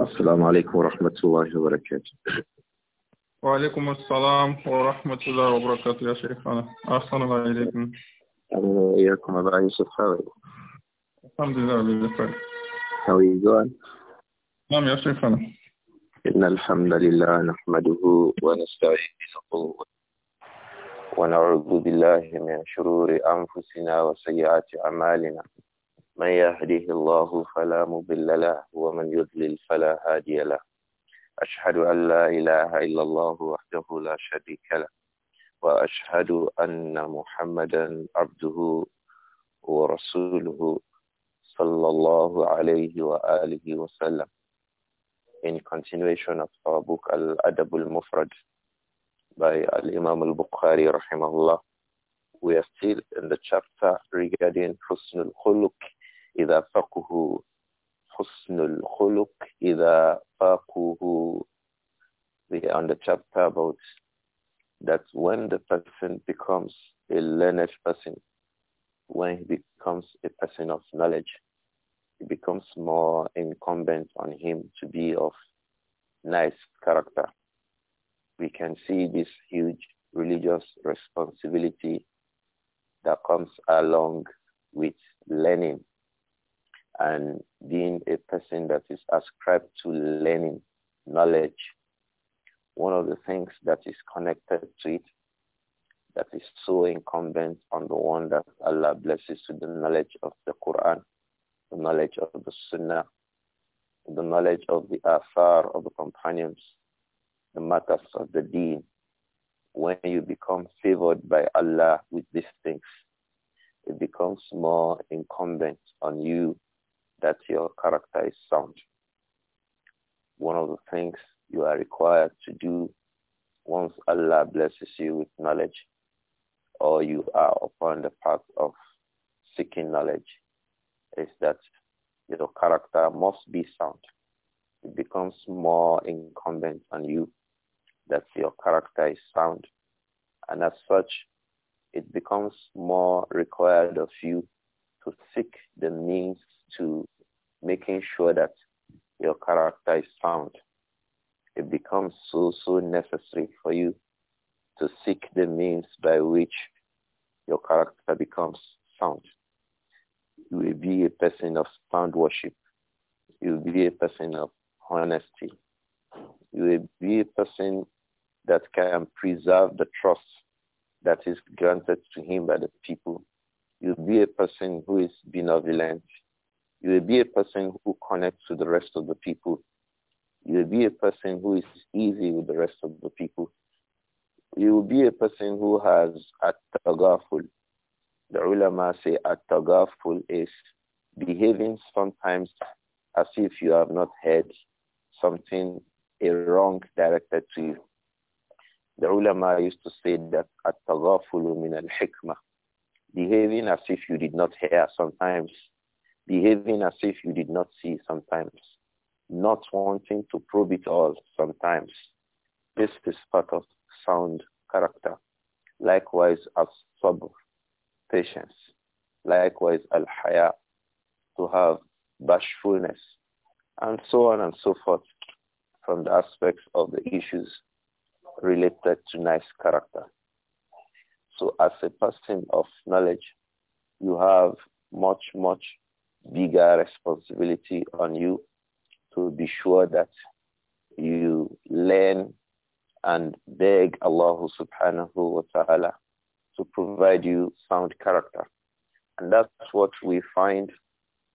السلام عليكم ورحمة الله وبركاته وعليكم السلام ورحمة الله وبركاته يا شيخنا أحسن الله إليكم وإياكم أبا يوسف حاوي الحمد لله Alhamdulillah, really How are you going? نعم يا شيخنا إن الحمد لله نحمده ونستعينه ونعوذ بالله من شرور أنفسنا وسيئات أعمالنا من يهده الله فلا مضل له ومن يضلل فلا هادي له أشهد أن لا إله إلا الله وحده لا شريك له وأشهد أن محمدا عبده ورسوله صلى الله عليه وآله وسلم In continuation of our book Al-Adab al-Mufrad by Al-Imam al-Bukhari rahimahullah we are still in the chapter regarding Husnul khuluq إذا فقه حسن الخلق إذا فقه on the chapter about that when the person becomes a learned person, when he becomes a person of knowledge, it becomes more incumbent on him to be of nice character. We can see this huge religious responsibility that comes along with learning and being a person that is ascribed to learning, knowledge. One of the things that is connected to it that is so incumbent on the one that Allah blesses with the knowledge of the Quran, the knowledge of the Sunnah, the knowledge of the Afar of the companions, the matters of the deen. When you become favored by Allah with these things, it becomes more incumbent on you that your character is sound. One of the things you are required to do once Allah blesses you with knowledge or you are upon the path of seeking knowledge is that your character must be sound. It becomes more incumbent on you that your character is sound. And as such, it becomes more required of you to seek the means to making sure that your character is sound. It becomes so, so necessary for you to seek the means by which your character becomes sound. You will be a person of sound worship. You will be a person of honesty. You will be a person that can preserve the trust that is granted to him by the people. You'll be a person who is benevolent. You will be a person who connects to the rest of the people. You will be a person who is easy with the rest of the people. You will be a person who has at-tagaful. The ulama say at-tagaful is behaving sometimes as if you have not heard something, a wrong directed to you. The ulama used to say that at-tagafulu min al-hikmah. Behaving as if you did not hear sometimes behaving as if you did not see sometimes, not wanting to probe it all sometimes. This is part of sound character. Likewise, as-sabr, patience. Likewise, al-haya, to have bashfulness, and so on and so forth from the aspects of the issues related to nice character. So as a person of knowledge, you have much, much bigger responsibility on you to be sure that you learn and beg Allah subhanahu wa ta'ala to provide you sound character. And that's what we find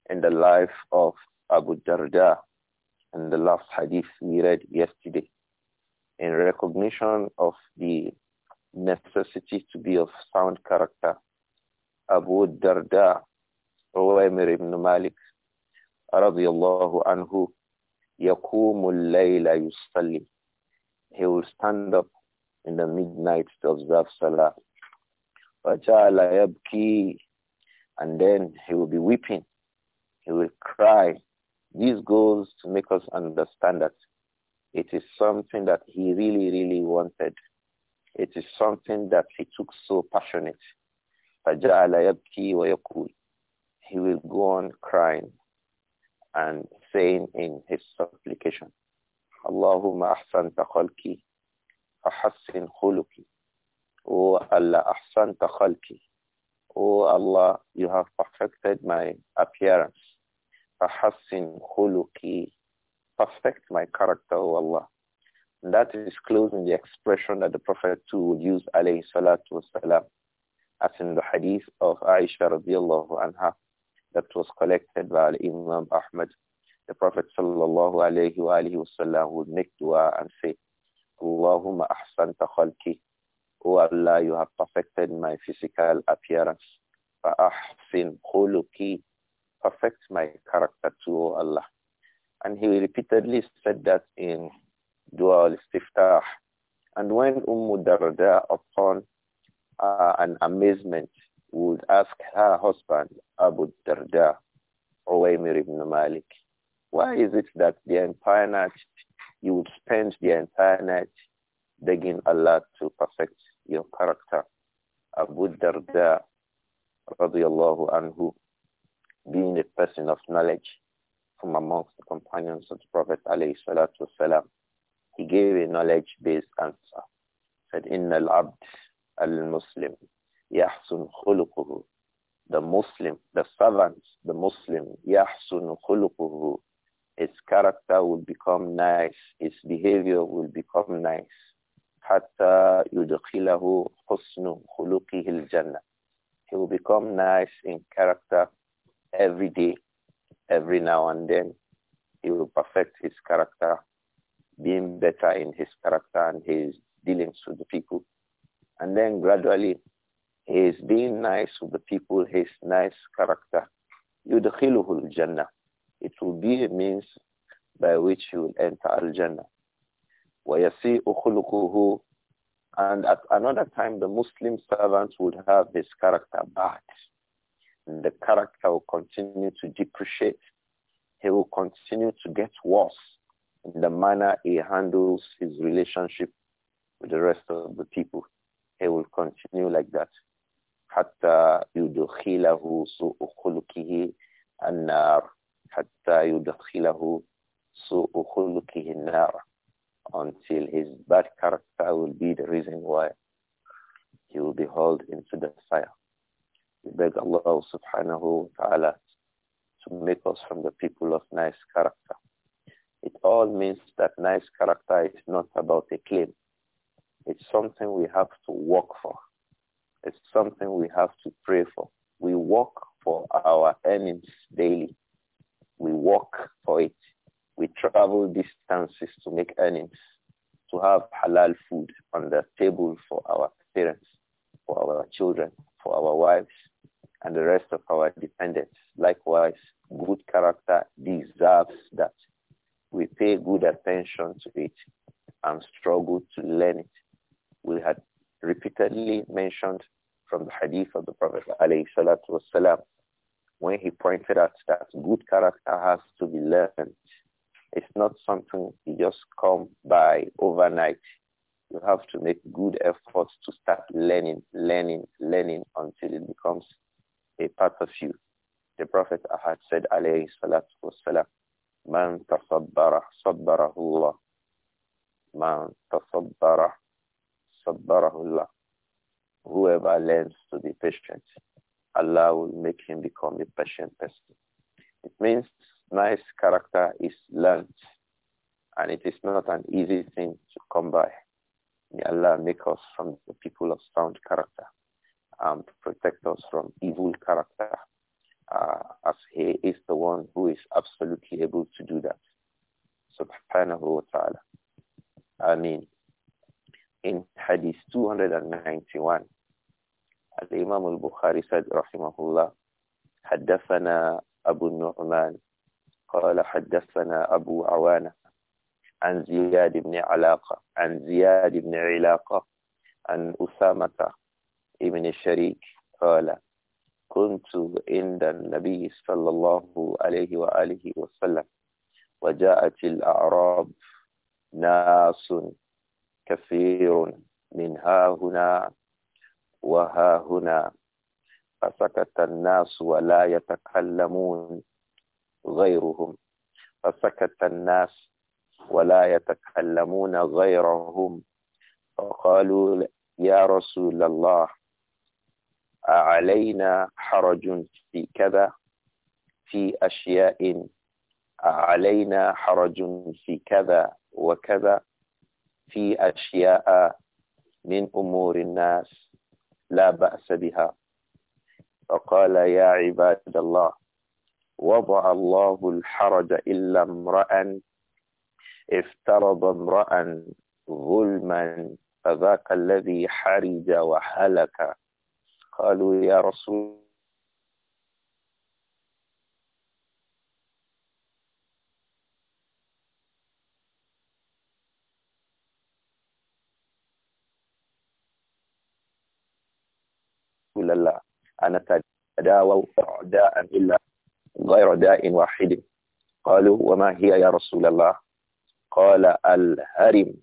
in the life of Abu Darda and the last hadith we read yesterday. In recognition of the necessity to be of sound character, Abu Darda عوامر بن مالك رضي الله عنه يقوم الليل يصلي He will stand up in the midnight to observe Salah. فجعل يبكي and then he will be weeping. He will cry. This goes to make us understand that it is something that he really, really wanted. It is something that he took so passionate. فجعل يبكي ويقول he will go on crying and saying in his supplication, Allahumma ahsanta khalki, ahassin khuluki. O Allah, ahsanta khalki. O Allah, you have perfected my appearance. Ahassin khuluki. Perfect my character, O Allah. And that is closing the expression that the Prophet too would use, alayhi salatu wasalam, as in the hadith of Aisha radiallahu anha, that was collected by Imam Ahmad, the Prophet sallallahu alayhi wa alayhi wasallam would make dua and say, Allahumma ahsanta khalki. O Allah, you have perfected my physical appearance. Fa'ahsin khuluki. Perfect my character too, O Allah. And he repeatedly said that in dua al-istiftah. And when Umm Darda, upon uh, an amazement would ask her husband, Abu Darda, Uwaymir ibn Malik, why is it that the entire night, you would spend the entire night begging Allah to perfect your character? Abu Darda, radiallahu anhu, being a person of knowledge from amongst the companions of the Prophet alayhi salatu wasalam, he gave a knowledge-based answer. said, Inna العبد المسلم al-muslim يحسن خلقه the Muslim, the servant, the Muslim, يحسن خلقه his character will become nice, his behavior will become nice. حتى يدخله حسن خلقه الجنة he will become nice in character every day, every now and then. He will perfect his character, being better in his character and his dealings with the people. And then gradually He's being nice with the people, his nice character, al jannah. It will be a means by which he will enter al-Jannah. وَيَسِيءُ خُلُقُهُ And at another time, the Muslim servant would have his character bad. And the character will continue to depreciate. He will continue to get worse in the manner he handles his relationship with the rest of the people. He will continue like that. حتى يدخله سوء خلقه النار حتى يدخله سوء خلقه النار until his bad character will be the reason why he will be hauled into the fire. We beg Allah subhanahu wa ta'ala to make us from the people of nice character. It all means that nice character is not about a claim. It's something we have to work for. It's something we have to pray for. We work for our earnings daily. We work for it. We travel distances to make earnings, to have halal food on the table for our parents, for our children, for our wives, and the rest of our dependents. Likewise, good character deserves that. We pay good attention to it and struggle to learn it. We had repeatedly mentioned from the hadith of the Prophet والسلام, when he pointed out that good character has to be learned. It's not something you just come by overnight. You have to make good efforts to start learning, learning, learning until it becomes a part of you. The Prophet had said, alayhi salatu wasalam, man tasabbara sabbarahu Allah. Man tasabbara sabbarahu Allah. Whoever learns to be patient, Allah will make him become a patient person. It means nice character is learned and it is not an easy thing to come by. May Allah make us from the people of sound character and protect us from evil character uh, as he is the one who is absolutely able to do that. Subhanahu wa ta'ala. mean, In Hadith 291, الإمام البخاري سيد رحمه الله حدثنا أبو النعمان قال حدثنا أبو عوانة عن زياد بن علاقة عن زياد بن علاقة عن أسامة بن الشريك قال كنت عند النبي صلى الله عليه وآله وسلم وجاءت الأعراب ناس كثير من ها هنا وها هنا فسكت الناس ولا يتكلمون غيرهم فسكت الناس ولا يتكلمون غيرهم فقالوا يا رسول الله أعلينا حرج في كذا في أشياء أعلينا حرج في كذا وكذا في أشياء من أمور الناس لا بأس بها فقال يا عباد الله وضع الله الحرج إلا امرأ افترض امرأ ظلما فذاك الذي حرج وحلك قالوا يا رسول أنتداول داء إلا غير داء واحد قالوا وما هي يا رسول الله قال الهرم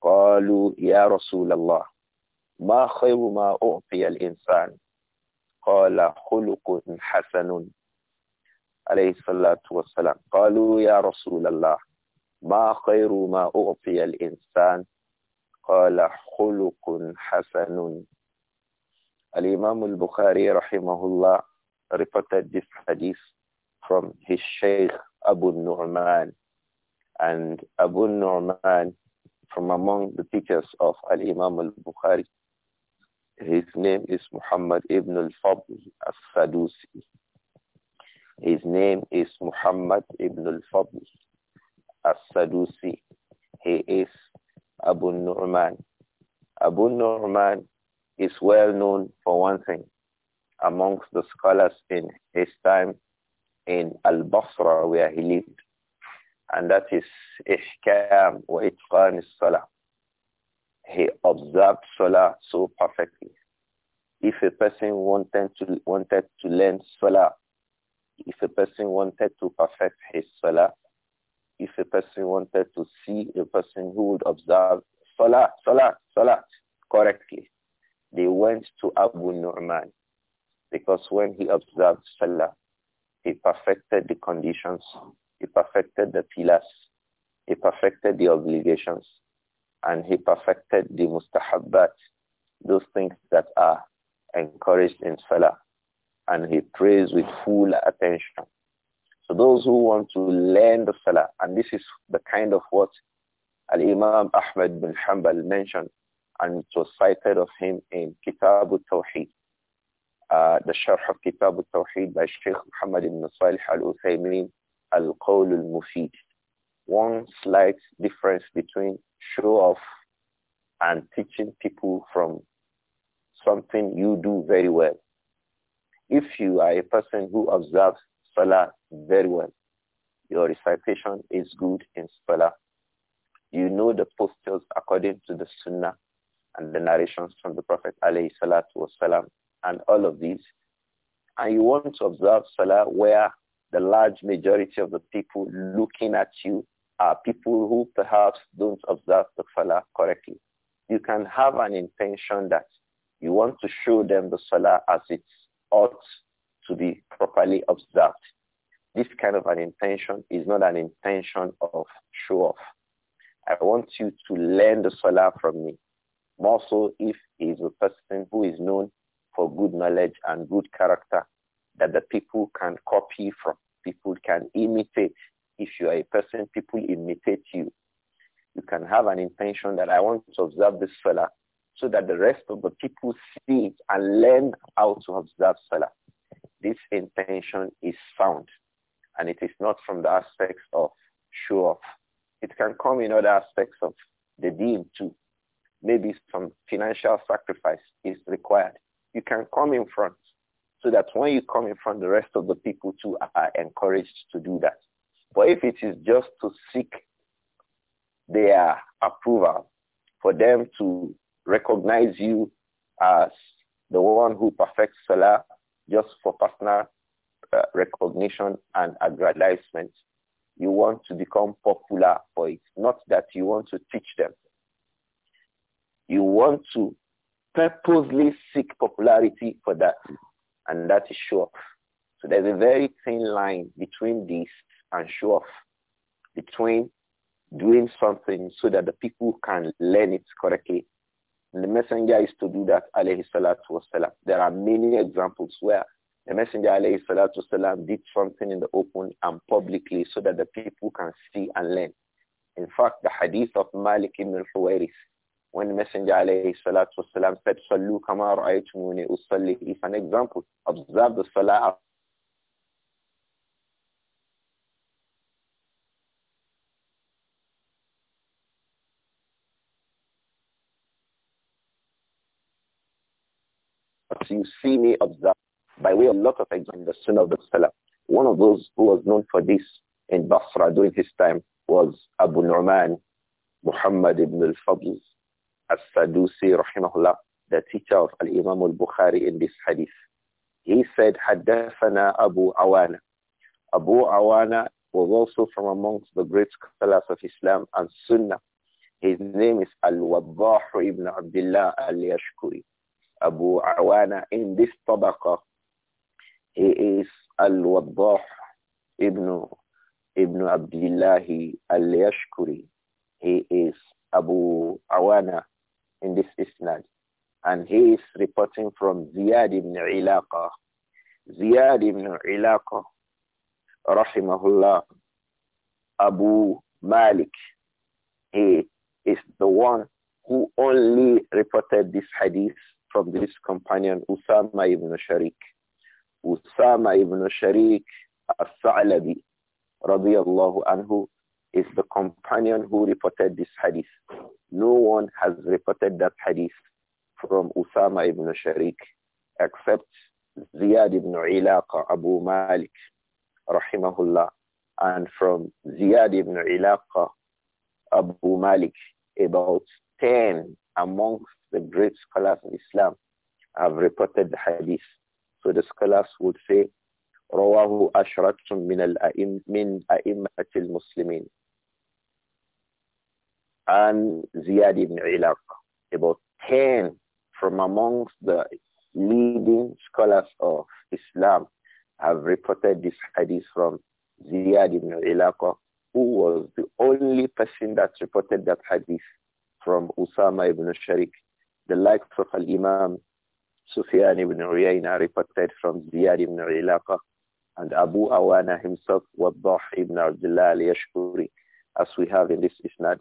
قالوا يا رسول الله ما خير ما أعطي الإنسان قال خلق حسن عليه الصلاة والسلام قالوا يا رسول الله ما خير ما أعطي الإنسان قال خلق حسن Al-Imam al-Bukhari rahimahullah reported this hadith from his Shaykh Abu Nu'man. And Abu Nu'man, from among the teachers of Al-Imam al-Bukhari, his name is Muhammad ibn al-Fadl al-Sadusi. His name is Muhammad ibn al-Fadl al-Sadusi. He is Abu Nu'man. Abu Nu'man is well known for one thing amongst the scholars in his time in Al-Basra where he lived. And that is Ishkam wa Itqan Salah. He observed Salah so perfectly. If a person wanted to, wanted to learn Salah, if a person wanted to perfect his Salah, if a person wanted to see a person who would observe Salah, Salah, Salah correctly, they went to Abu Nu'man because when he observed Salah, he perfected the conditions, he perfected the pillars, he perfected the obligations, and he perfected the mustahabbat, those things that are encouraged in Salah, and he prays with full attention. So those who want to learn the Salah, and this is the kind of what Al-Imam Ahmad bin Hanbal mentioned and it was cited of him in Kitab al-Tawheed, uh, the Sharh of Kitab al-Tawheed by Sheikh Muhammad ibn Salih al-Uthaymeen, Al-Qawl al-Mufid. One slight difference between show-off and teaching people from something you do very well. If you are a person who observes Salah very well, your recitation is good in Salah. You know the postures according to the Sunnah and the narrations from the Prophet alayhi salatu wasalam and all of these. And you want to observe salah where the large majority of the people looking at you are people who perhaps don't observe the salah correctly. You can have an intention that you want to show them the salah as it ought to be properly observed. This kind of an intention is not an intention of show off. I want you to learn the salah from me. More so if he is a person who is known for good knowledge and good character that the people can copy from, people can imitate. If you are a person, people imitate you. You can have an intention that I want to observe this fella so that the rest of the people see it and learn how to observe fella. This intention is sound and it is not from the aspects of show off. It can come in other aspects of the deen too maybe some financial sacrifice is required. You can come in front so that when you come in front, the rest of the people too are encouraged to do that. But if it is just to seek their approval, for them to recognize you as the one who perfects Salah just for personal uh, recognition and aggrandizement, you want to become popular for it, not that you want to teach them. You want to purposely seek popularity for that, and that is show off. So there's a very thin line between this and show off, between doing something so that the people can learn it correctly. And the messenger is to do that, alayhi salatu wasalam. There are many examples where the messenger, alayhi salatu wasalam, did something in the open and publicly so that the people can see and learn. In fact, the hadith of Malik ibn al when the messenger alayhi salatu wasalam said, Sallu كما رأيتموني usalli is an example. Observe the salah as you see me observe by way of a lot of examples the sunnah of the Salah One of those who was known for this in Basra during his time was Abu Nu'man, Muhammad ibn al-Fadl As-Sadusi rahimahullah, the teacher of Al-Imam al-Bukhari in this hadith. He said, Haddathana Abu Awana. Abu Awana was also from amongst the great scholars of Islam and Sunnah. His name is Al-Wabbah ibn Abdullah al-Yashkuri. Abu Awana in this tabaqa, he is Al-Wabbah ibn, ibn Abdullah al-Yashkuri. He is Abu Awana in this isnad. And he is reporting from Ziyad ibn Ilaqa. Ziyad ibn Ilaqa, rahimahullah, Abu Malik. He is the one who only reported this hadith from this companion, Usama ibn Sharik. Usama ibn Sharik al-Sa'labi, radiyallahu anhu, is the companion who reported this hadith. No one has reported that hadith from Usama ibn Sharik except Ziyad ibn Ilaqa Abu Malik rahimahullah and from Ziyad ibn Ilaqa Abu Malik about 10 amongst the great scholars of Islam have reported the hadith. So the scholars would say رواه أشرة من أئمة المسلمين and Ziyad ibn Ilaq, about 10 from amongst the leading scholars of Islam have reported this hadith from Ziyad ibn Ilaq, who was the only person that reported that hadith from Usama ibn Sharik. The likes of Al-Imam Sufyan ibn Uyayna reported from Ziyad ibn Ilaq and Abu Awana himself, Wadah ibn Abdullah al-Yashkuri, as we have in this isnad.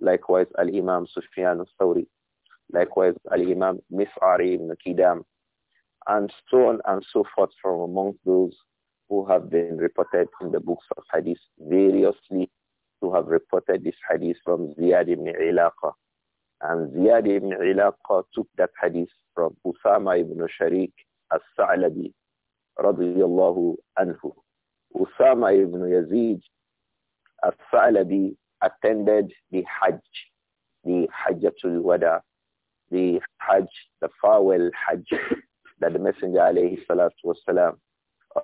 Likewise, Al-Imam Sufyan al-Thawri. Likewise, Al-Imam Mif'ari ibn Qidam. And so on and so forth from amongst those who have been reported in the books of hadith variously to have reported this hadith from Ziyad ibn Ilaqa. And Ziyad ibn Ilaqa took that hadith from Usama ibn Sharik al-Sa'labi radiyallahu anhu. Usama ibn Yazid al-Sa'labi attended the Hajj, the Hajjatul Wada, the Hajj, the farewell Hajj that the Messenger alayhi salatu wasalam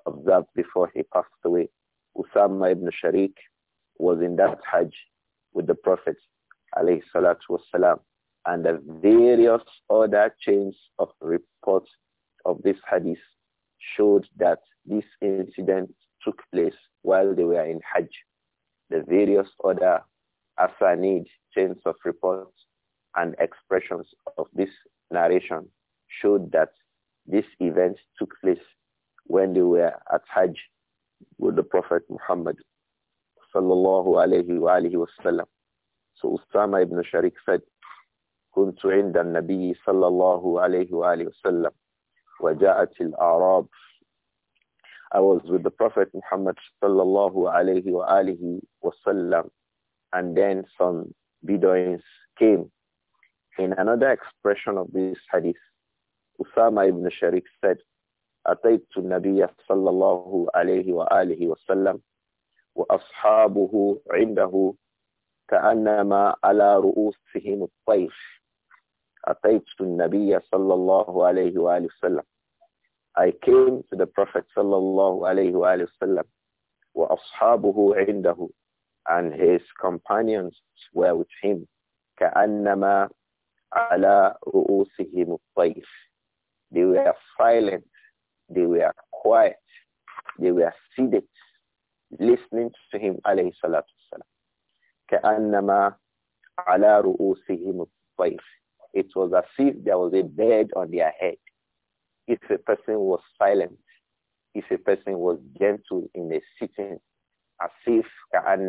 observed before he passed away. Usama ibn Sharik was in that Hajj with the Prophet alayhi salatu wasalam and the various other chains of reports of this hadith showed that this incident took place while they were in Hajj the various other asanid chains of reports and expressions of this narration showed that this event took place when they were at Hajj with the Prophet Muhammad sallallahu alayhi wa wasallam. So Ustama ibn Sharik said, كنت عند النبي صلى الله عليه وآله وسلم وجاءت الأعراب I was with the Prophet Muhammad sallallahu alayhi wa alihi wasallam, and then some Bedouins came. In another expression of this hadith, Usama ibn Sharik said, أتيت النبي صلى الله عليه وآله وسلم وأصحابه عنده كأنما على رؤوسهم الطير أتيت النبي صلى الله عليه وآله وسلم I came to the Prophet sallallahu alayhi wa sallam wa ashabuhu indahu and his companions were with him كأنما على رؤوسهم الطيف They were silent, they were quiet, they were seated, listening to him عليه كأنما على رؤوسهم الطيف It was as if there was a bed on their head if a person was silent, if a person was gentle in a sitting, as if as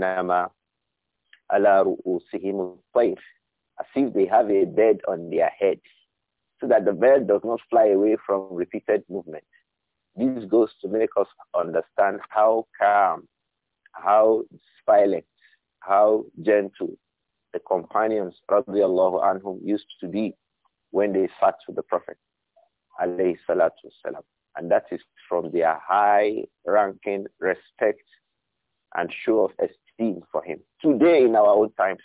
if they have a bed on their head, so that the bird does not fly away from repeated movement. This goes to make us understand how calm, how silent, how gentle the companions, radiallahu anhum, used to be when they sat with the Prophet alayhi salatu wasalam. And that is from their high ranking respect and show of esteem for him. Today in our old times,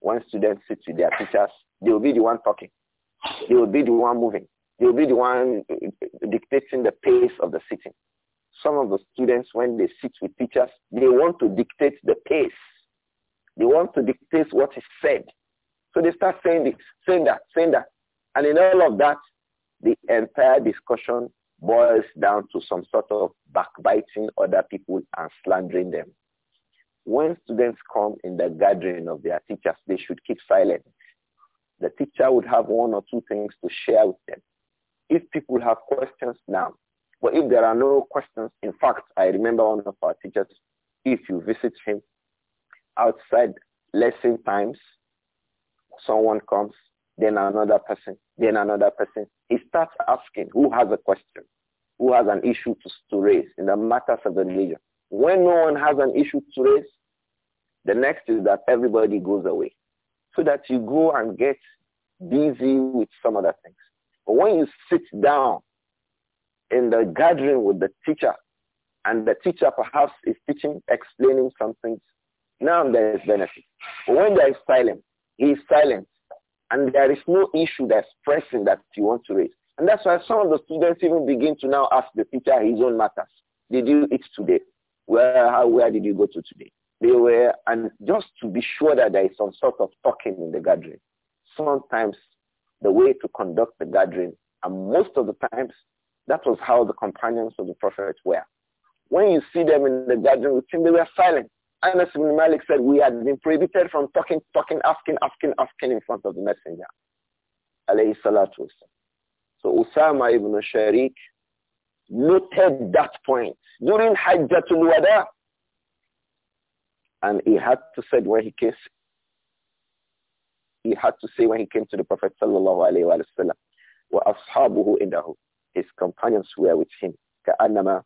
when students sit with their teachers, they will be the one talking. They will be the one moving. They will be the one uh, dictating the pace of the sitting. Some of the students, when they sit with teachers, they want to dictate the pace. They want to dictate what is said. So they start saying this, saying that, saying that. And in all of that, the entire discussion boils down to some sort of backbiting other people and slandering them. When students come in the gathering of their teachers, they should keep silent. The teacher would have one or two things to share with them. If people have questions now, but if there are no questions, in fact, I remember one of our teachers, if you visit him outside lesson times, someone comes, then another person, then another person. He starts asking who has a question, who has an issue to, to raise in the matters of the religion. When no one has an issue to raise, the next is that everybody goes away so that you go and get busy with some other things. But when you sit down in the gathering with the teacher, and the teacher perhaps is teaching, explaining some things, now there is benefit. But when there is silence, he is silent. And there is no issue that's pressing that you want to raise. And that's why some of the students even begin to now ask the teacher his own matters. Did you eat today? Where, how, where did you go to today? They were, and just to be sure that there is some sort of talking in the gathering. Sometimes the way to conduct the gathering, and most of the times, that was how the companions of the prophet were. When you see them in the gathering with him, they were silent. Anas ibn Malik said, we had been prohibited from talking, talking, asking, asking, asking in front of the messenger. So Usama ibn Sharik noted that point during Hajjatul Wada. And he had to say when he came, he had to say when he came to the Prophet sallallahu alayhi wa sallam, وَأَصْحَابُهُ His companions were with him. كَأَنَّمَا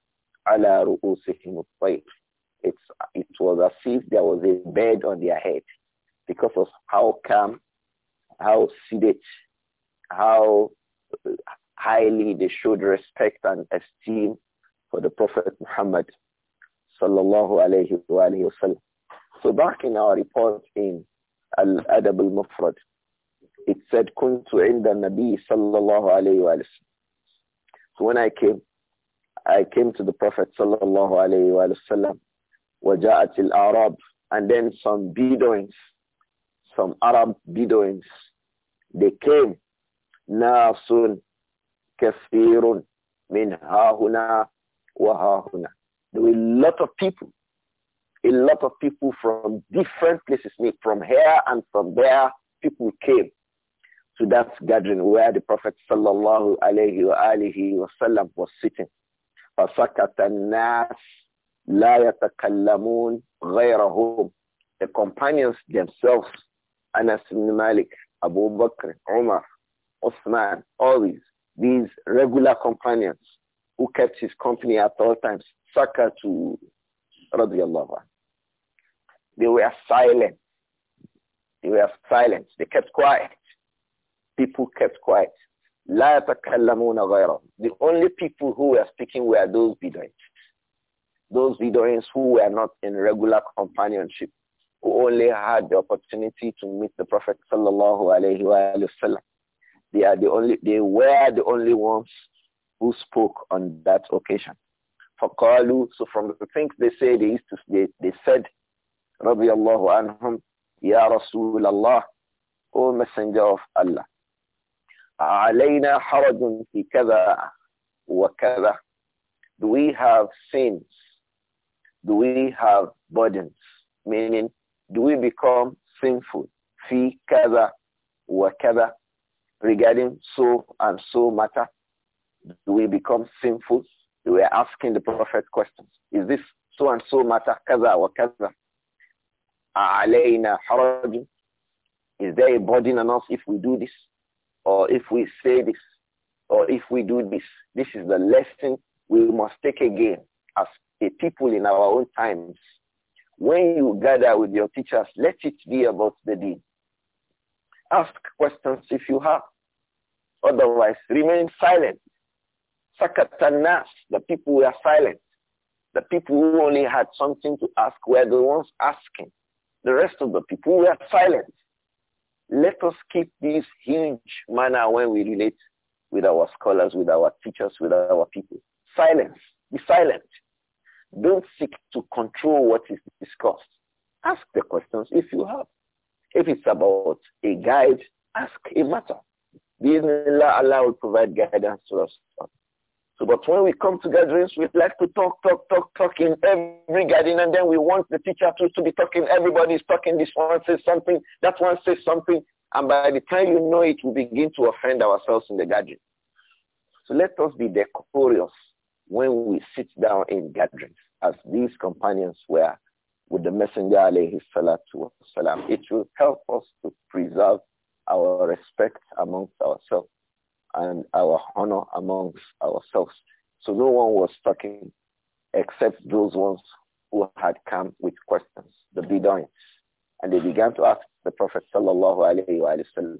عَلَى رُؤُوسِهِمُ الطَّيْرِ it's, it was as if there was a bed on their head because of how calm, how sedate, how uh, highly they showed respect and esteem for the Prophet Muhammad sallallahu alayhi wa sallam. So back in our report in Al-Adab al-Mufrad, it said, كنت عند النبي صلى الله عليه So when I came, I came to the Prophet sallallahu alayhi wa sallam وَجَاءَتِ الْأَعْرَابُ And then some Bedouins, some Arab Bedouins, they came. نَاسٌ كَثِيرٌ مِنْ هَاهُنَا وَهَاهُنَا There were a lot of people, a lot of people from different places, from here and from there, people came to that gathering where the Prophet sallallahu alayhi wa alihi wa sallam was sitting. فَسَكَتَ النَّاسِ la يتكلمون غيرهم the companions themselves Anas ibn Malik Abu Bakr Umar Osman all these these regular companions who kept his company at all times Saka to radiallahu they were silent they were silent they kept quiet people kept quiet la يتكلمون غيرهم the only people who were speaking were those Bedouins those Bedouins who were not in regular companionship, who only had the opportunity to meet the Prophet sallallahu alaihi wasallam, they are the only they were the only ones who spoke on that occasion. فقالوا, so from the things they say, they used to, they, they said, رضي الله عنهم, يا رسول الله, O Messenger of Allah, علينا حرج في كذا وكذا. Do we have sins do we have burdens? Meaning, do we become sinful? Fi kaza wa kaza regarding so and so matter? Do we become sinful? We were asking the Prophet questions. Is this so and so matter kaza wa kaza? Alayna harajun? Is there a burden on us if we do this? Or if we say this? Or if we do this? This is the lesson we must take again as a people in our own times, when you gather with your teachers, let it be about the deed. Ask questions if you have. Otherwise, remain silent. Sakatanas, the people were silent. The people who only had something to ask were the ones asking. The rest of the people were silent. Let us keep this huge manner when we relate with our scholars, with our teachers, with our people. Silence. Be silent. Don't seek to control what is discussed. Ask the questions if you have. If it's about a guide, ask a matter. Bismillah, Allah will provide guidance to us. So, but when we come to gatherings, we like to talk, talk, talk, talk in every gathering, and then we want the teacher to, to be talking. Everybody is talking. This one says something. That one says something. And by the time you know it, we begin to offend ourselves in the gathering. So let us be decorous when we sit down in gatherings, as these companions were with the Messenger alayhi salatu wasalam, it will help us to preserve our respect amongst ourselves and our honor amongst ourselves. So no one was talking except those ones who had come with questions, the Bedouins. And they began to ask the Prophet sallallahu alayhi wa sallam,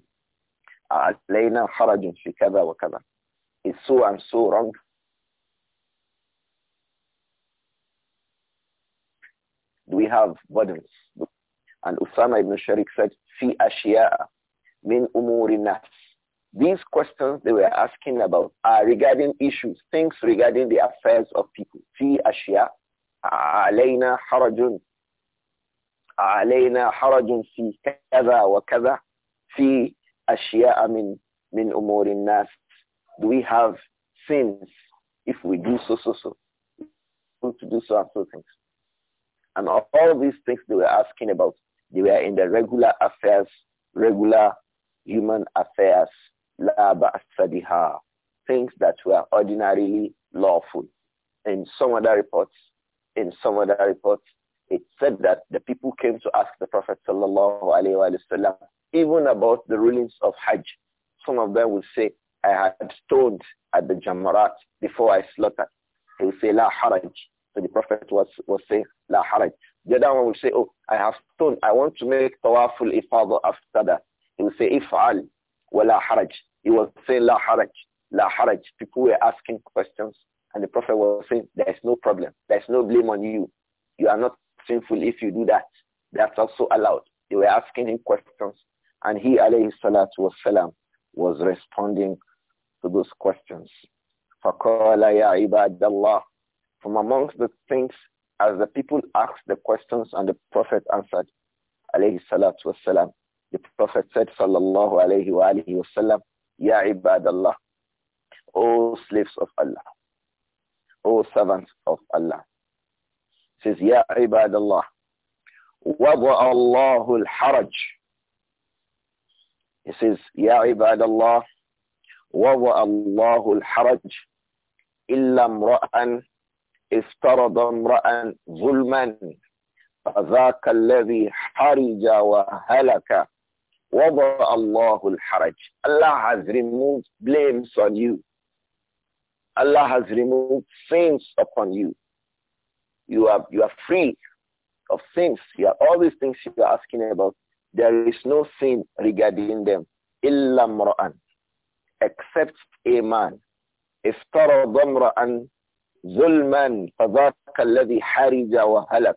alayna harajun fi kada wa kada. Is so and so wrong Do we have burdens? And Usama ibn Sharik said, fi ashiya min umuri nas. These questions they were asking about are regarding issues, things regarding the affairs of people. Fi ashiya alayna harajun. harajun fi kaza wa kaza, fi ashiya min min أمور الناس do we have sins if we do so so so to do so and so things and all, all these things they were asking about, they were in the regular affairs, regular human affairs, things that were ordinarily lawful. In some other reports, in some other reports, it said that the people came to ask the Prophet wasallam even about the rulings of Hajj. Some of them would say, I had stoned at the Jamarat before I slaughtered. He would say, La haraj, the Prophet was, was saying, La haraj. The other one will say, oh, I have stone. I want to make tawaful ifada after that. He will say, if'al wa la haraj. He was saying, la haraj, la haraj. People were asking questions and the Prophet was saying, there is no problem. There is no blame on you. You are not sinful if you do that. That's also allowed. They were asking him questions and he, alayhi salatu wasalam, was responding to those questions. فقال يا عباد الله from amongst the things, as the people asked the questions and the Prophet answered, alayhi salatu wasalam, the Prophet said, sallallahu alayhi wa alihi wasalam, Ya ibadallah, O slaves of Allah, O servants of Allah. It says, Ya ibadallah, وَضَعَ al الْحَرَجِ He says, Ya ibadallah, وَضَعَ al الْحَرَجِ illa امْرَأً افترض امرأ ظلما فذاك الذي حرج وهلك وضع الله الحرج Allah has removed blames on you Allah has removed sins upon you you are you are free of sins you are all these things you are asking about there is no sin regarding them إلا امرأ except a man افترض امرأ ظلما فذاك الذي حرج وهلك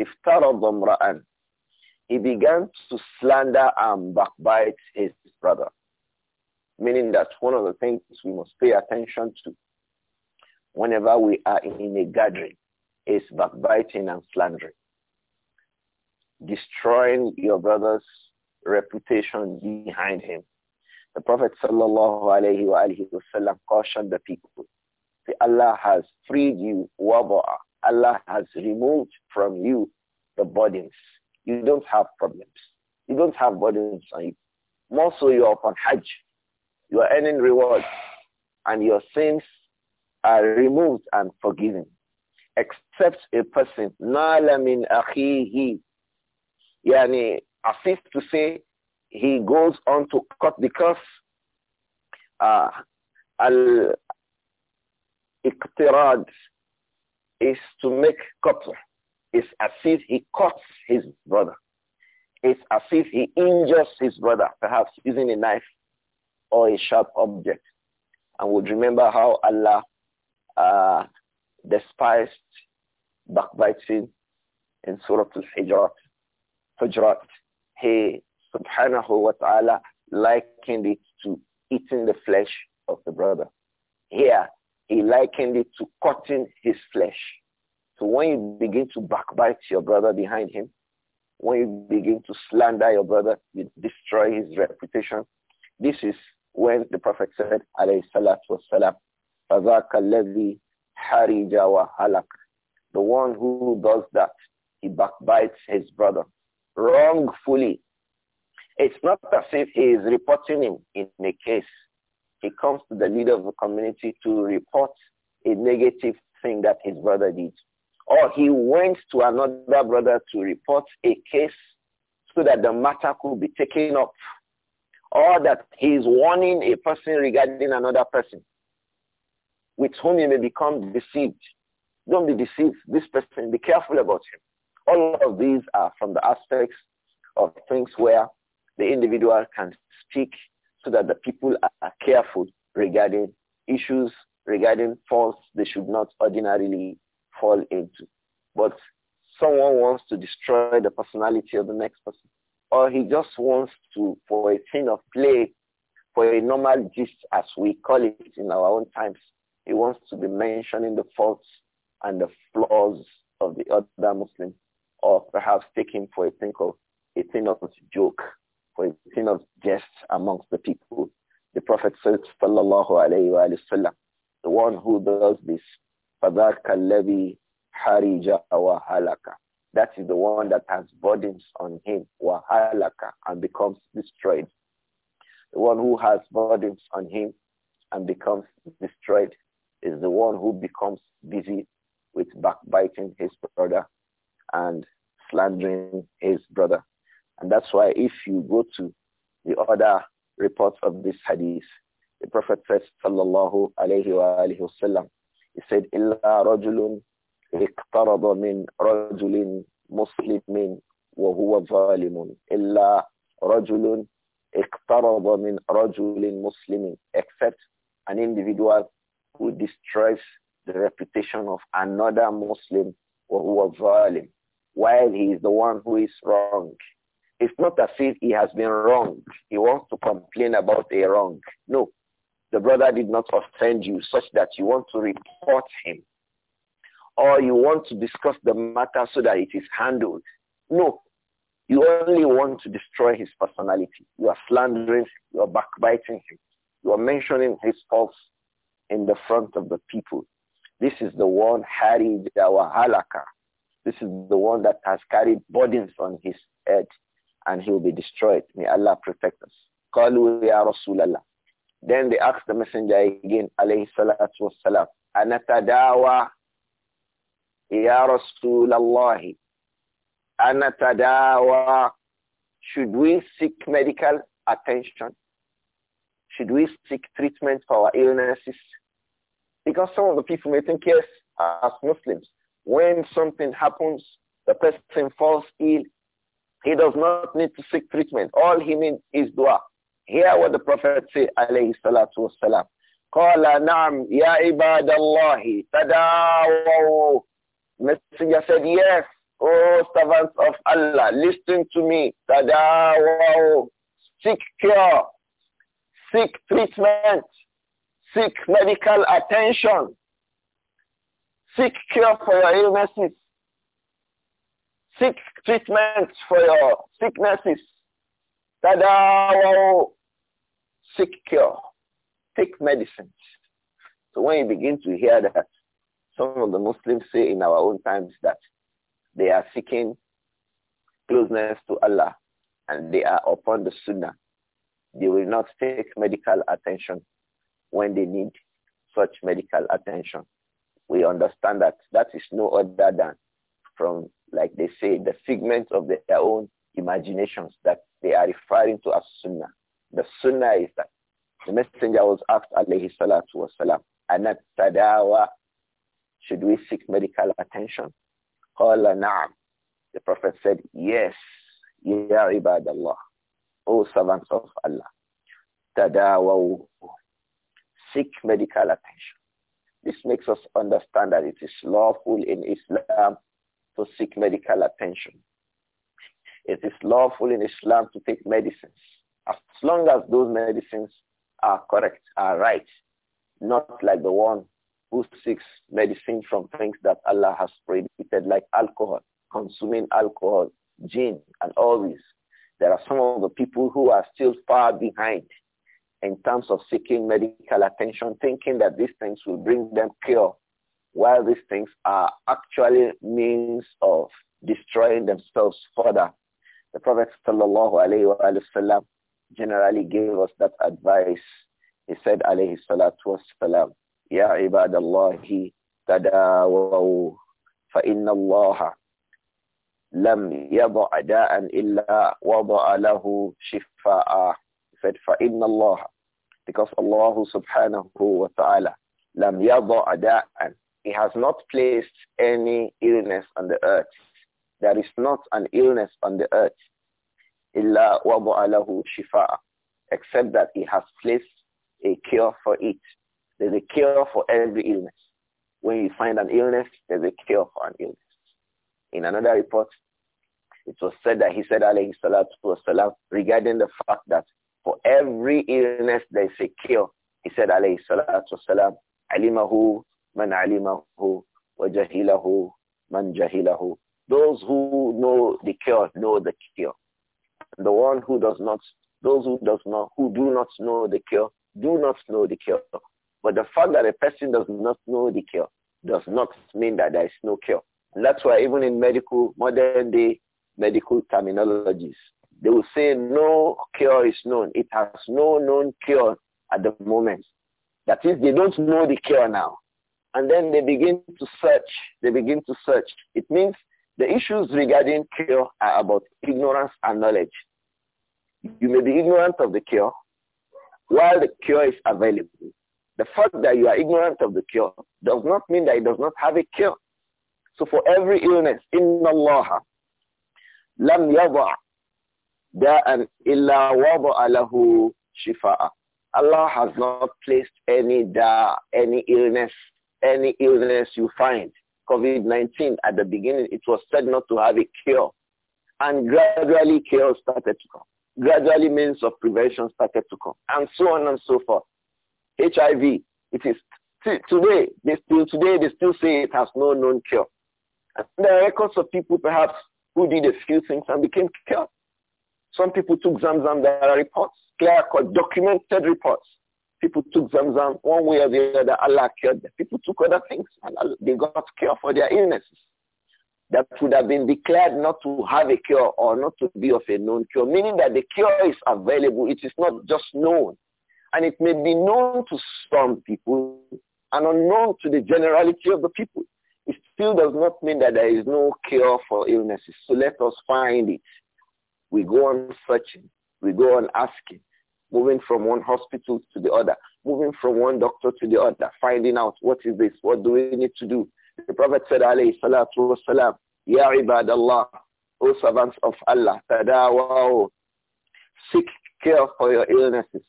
افترض امرأ he began to slander and backbite his brother meaning that one of the things we must pay attention to whenever we are in a gathering is backbiting and slandering destroying your brother's reputation behind him the prophet sallallahu alaihi wasallam cautioned the people Allah has freed you, Allah has removed from you the burdens. You don't have problems. You don't have burdens on you. More so you are upon Hajj. You are earning rewards and your sins are removed and forgiven. Except a person, nala min akhihi. Yani, assist to say, he goes on to cut because uh, ah, al Iqtirad is to make cut. It's as if he cuts his brother. It's as if he injures his brother, perhaps using a knife or a sharp object. And would we'll remember how Allah uh, despised backbiting in Surah Al-Hijrat. Hijrat. He, subhanahu wa ta'ala, likened it to eating the flesh of the brother. Here, he likened it to cutting his flesh. So when you begin to backbite your brother behind him, when you begin to slander your brother, you destroy his reputation. This is when the Prophet said, alayhi salatu wasalam, فَذَاكَ harija halak. The one who does that, he backbites his brother wrongfully. It's not as if he is reporting him in a case it comes to the leader of the community to report a negative thing that his brother did. Or he went to another brother to report a case so that the matter could be taken up. Or that he is warning a person regarding another person with whom you may become deceived. Don't be deceived. This person, be careful about him. All of these are from the aspects of things where the individual can speak so that the people are careful regarding issues regarding faults they should not ordinarily fall into. But someone wants to destroy the personality of the next person, or he just wants to, for a thing of play, for a normal gist, as we call it in our own times, he wants to be mentioning the faults and the flaws of the other Muslim, or perhaps taking for a thing of a thing of joke for a sin of jest amongst the people. The Prophet said, Sallallahu Alaihi Wasallam, the one who does this, فَذَاكَ harija wahalaka. That is the one that has burdens on him, wahalaka, and becomes destroyed. The one who has burdens on him and becomes destroyed is the one who becomes busy with backbiting his brother and slandering his brother. And that's why if you go to the other reports of this hadith, the Prophet says, sallallahu alayhi wa alayhi wa sallam, he said, إِلَّا رَجُلٌ اِقْتَرَضَ مِنْ رَجُلٍ مُسْلِمٍ وَهُوَ ظَالِمٌ إِلَّا رَجُلٌ اِقْتَرَضَ مِنْ رَجُلٍ مُسْلِمٍ Except an individual who destroys the reputation of another Muslim وَهُوَ violent, while he is the one who is wrong. It's not as if he has been wrong. He wants to complain about a wrong. No. The brother did not offend you such that you want to report him or you want to discuss the matter so that it is handled. No. You only want to destroy his personality. You are slandering, you are backbiting him. You are mentioning his faults in the front of the people. This is the one Harry Dawahalaka. This is the one that has carried burdens on his head and he will be destroyed. May Allah protect us. Then they asked the messenger again, عليه الصلاة والسلام, أنتداوى Should we seek medical attention? Should we seek treatment for our illnesses? Because some of the people may think, yes, as Muslims, when something happens, the person falls ill, he does not need to seek treatment. All he needs is dua. Hear what the Prophet said, alayhi salatu wasalam. قال نعم ya عباد الله Messenger said, yes, oh servants of Allah, listen to me. Tadawaw. Seek cure. Seek treatment. Seek medical attention. Seek cure for your illnesses. Seek treatment for your sicknesses. Tadawaw. Seek cure. Take medicines. So when you begin to hear that, some of the Muslims say in our own times that they are seeking closeness to Allah and they are upon the Sunnah. They will not take medical attention when they need such medical attention. We understand that that is no other than from, like they say, the figment of their own imaginations that they are referring to as sunnah. The sunnah is that the messenger was asked, alayhi salatu wasalam, anat tadawa, should we seek medical attention? Qala na'am. The Prophet said, yes, ya ibadallah, O servants of Allah, tadawaw, seek medical attention. This makes us understand that it is lawful in Islam to seek medical attention. It is lawful in Islam to take medicines as long as those medicines are correct, are right, not like the one who seeks medicine from things that Allah has prohibited, like alcohol, consuming alcohol, gin, and all these. There are some of the people who are still far behind in terms of seeking medical attention, thinking that these things will bring them cure while these things are actually means of destroying themselves further. The Prophet sallallahu generally gave us that advice. He said alayhi salatu wasalam, Ya ibadallahi tadawaw fa inna allaha لم يضع داء إلا وضع له شفاء said فإن الله because Allah subhanahu wa ta'ala lam يضع داء he has not placed any illness on the earth. There is not an illness on the earth. Except that he has placed a cure for it. There's a cure for every illness. When you find an illness, there's a cure for an illness. In another report, it was said that he said, alayhi regarding the fact that for every illness there is a cure. He said, alimahu man alimahu wa jahilahu Those who know the cure know the cure. the one who does not, those who does not, who do not know the cure, do not know the cure. But the fact that a person does not know the cure does not mean that there is no cure. And that's why even in medical, modern day medical terminologies, they will say no cure is known. It has no known cure at the moment. That is, they don't know the cure now and then they begin to search. They begin to search. It means the issues regarding cure are about ignorance and knowledge. You may be ignorant of the cure while the cure is available. The fact that you are ignorant of the cure does not mean that it does not have a cure. So for every illness, inna Allah lam yada' da'an illa Waba Alahu shifa'a. Allah has not placed any da, any illness any illness you find. COVID-19, at the beginning, it was said not to have a cure. And gradually, cure started to come. Gradually, means of prevention started to come. And so on and so forth. HIV, it is today, they still, today, they still say it has no known cure. And there are records of people, perhaps, who did a few things and became cured. Some people took Zamzam. There are reports, clear-cut, documented reports People took Zamzam one way or the other. Allah cured them. People took other things and they got cure for their illnesses that would have been declared not to have a cure or not to be of a known cure, meaning that the cure is available. It is not just known. And it may be known to some people and unknown to the generality of the people. It still does not mean that there is no cure for illnesses. So let us find it. We go on searching. We go on asking moving from one hospital to the other, moving from one doctor to the other, finding out what is this, what do we need to do. The Prophet said, alayhi salatu wasalam, Ya Allah, O servants of Allah, tadawaw, seek care for your illnesses.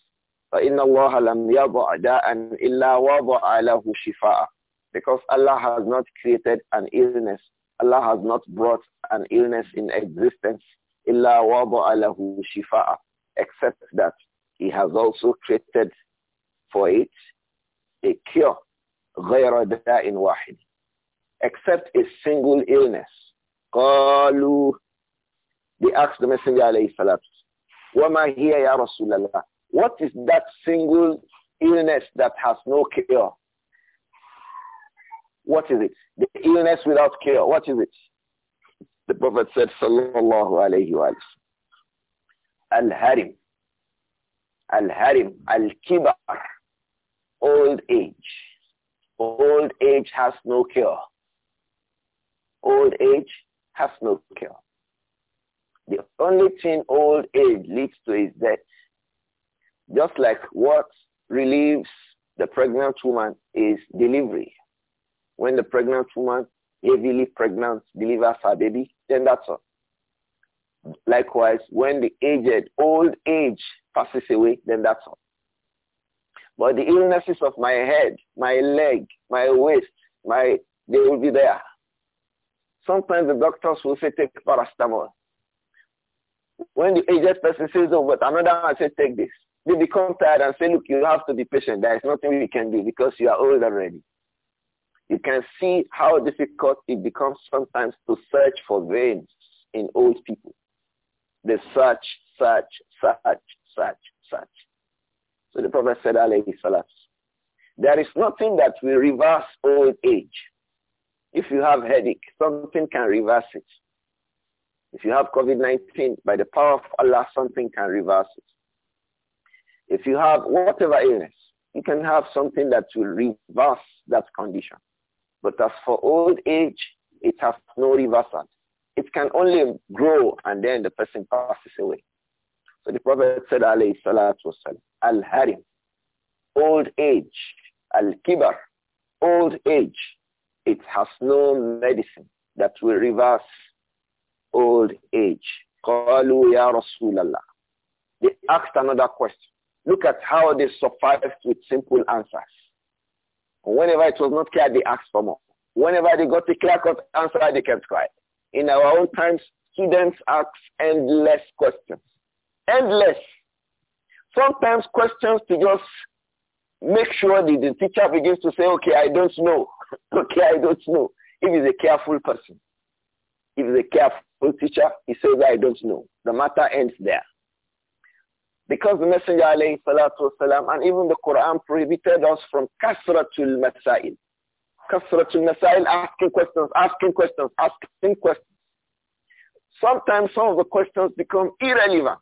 فَإِنَّ اللَّهَ لَمْ يَضَعْ دَاءً إِلَّا وَضَعَ لَهُ شِفَاءً Because Allah has not created an illness. Allah has not brought an illness in existence. إِلَّا وَضَعَ لَهُ شِفَاءً Except that he has also created for it a cure, غير داء واحد, except a single illness. قالوا They asked the Messenger عليه الصلاة وما هي يا رسول الله What is that single illness that has no cure? What is it? The illness without cure. What is it? The Prophet said, Sallallahu alayhi wa Al-Harim. Al-Harim, Al-Kibar, old age. Old age has no cure. Old age has no cure. The only thing old age leads to is death. Just like what relieves the pregnant woman is delivery. When the pregnant woman, heavily pregnant, delivers her baby, then that's all. Likewise, when the aged, old age passes away, then that's all. But the illnesses of my head, my leg, my waist, my, they will be there. Sometimes the doctors will say, take paracetamol. When the aged person says, oh, but another one says, take this. They become tired and say, look, you have to be patient. There is nothing we can do because you are old already. You can see how difficult it becomes sometimes to search for veins in old people. The such such such such such. So the Prophet said, alayhi salat, there is nothing that will reverse old age. If you have headache, something can reverse it. If you have COVID-19, by the power of Allah, something can reverse it. If you have whatever illness, you can have something that will reverse that condition. But as for old age, it has no reversal. It can only grow and then the person passes away. So the Prophet said, alayhi salatu wasalam, al-harim, old age, al-kibar, old age, it has no medicine that will reverse old age. قالوا Ya Rasulallah. They asked another question. Look at how they survived with simple answers. Whenever it was not clear, they asked for more. Whenever they got a clear-cut answer, they kept quiet. In our own times, students ask endless questions. Endless. Sometimes questions to just make sure that the teacher begins to say, okay, I don't know. okay, I don't know. If he's a careful person, if he's a careful teacher, he says, I don't know. The matter ends there. Because the Messenger, alayhi salatu wasalam, and even the Quran prohibited us from kasratul masail, Kasratul Nasail, asking questions, asking questions, asking questions. Sometimes some of the questions become irrelevant.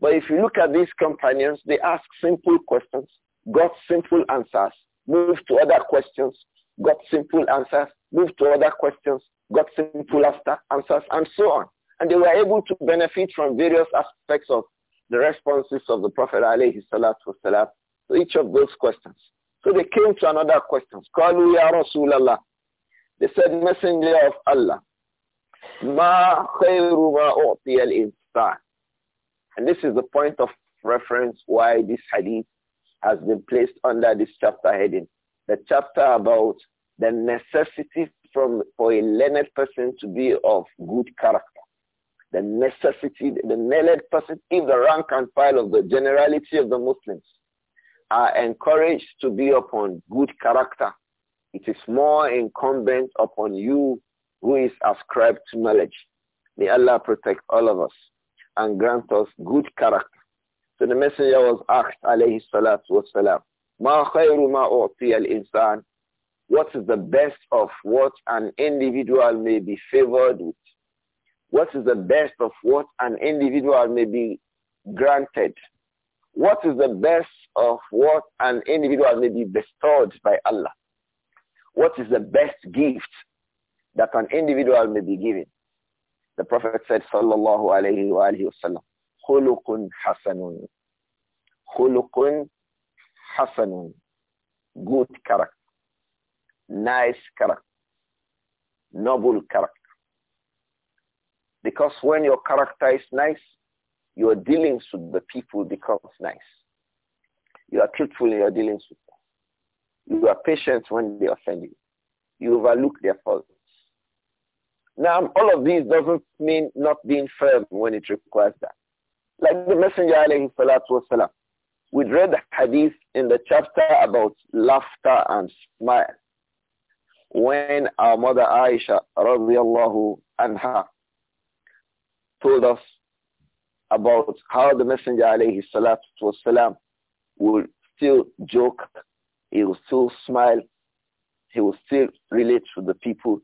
But if you look at these companions, they ask simple questions, got simple answers, moved to other questions, got simple answers, moved to other questions, got simple after answers, and so on. And they were able to benefit from various aspects of the responses of the Prophet alayhi salatu wasalam to each of those questions. So they came to another question. They said, Messenger of Allah, ما خير ما And this is the point of reference why this hadith has been placed under this chapter heading. The chapter about the necessity from, for a learned person to be of good character. The necessity, the learned person is the rank and file of the generality of the Muslims are encouraged to be upon good character. It is more incumbent upon you who is ascribed to knowledge. May Allah protect all of us and grant us good character. So the messenger was asked, alayhi salatu wasalam, ma khayru ma al-insan, what is the best of what an individual may be favored with? What is the best of what an individual may be granted? What is the best of what an individual may be bestowed by Allah? What is the best gift that an individual may be given? The Prophet said, sallallahu alayhi wa alayhi wa sallam, خُلُقٌ حَسَنٌ خُلُقٌ Good character, nice character, noble character. Because when your character is nice, your dealings with the people becomes nice. You are truthful in your dealings with them. You are patient when they offend you. You overlook their faults. Now, all of these doesn't mean not being firm when it requires that. Like the Messenger, alayhi salatu wasalam, we read the hadith in the chapter about laughter and smile. When our mother Aisha, radiallahu anha, told us about how the Messenger alayhi salatu wasalam would still joke, he would still smile, he would still relate to the people.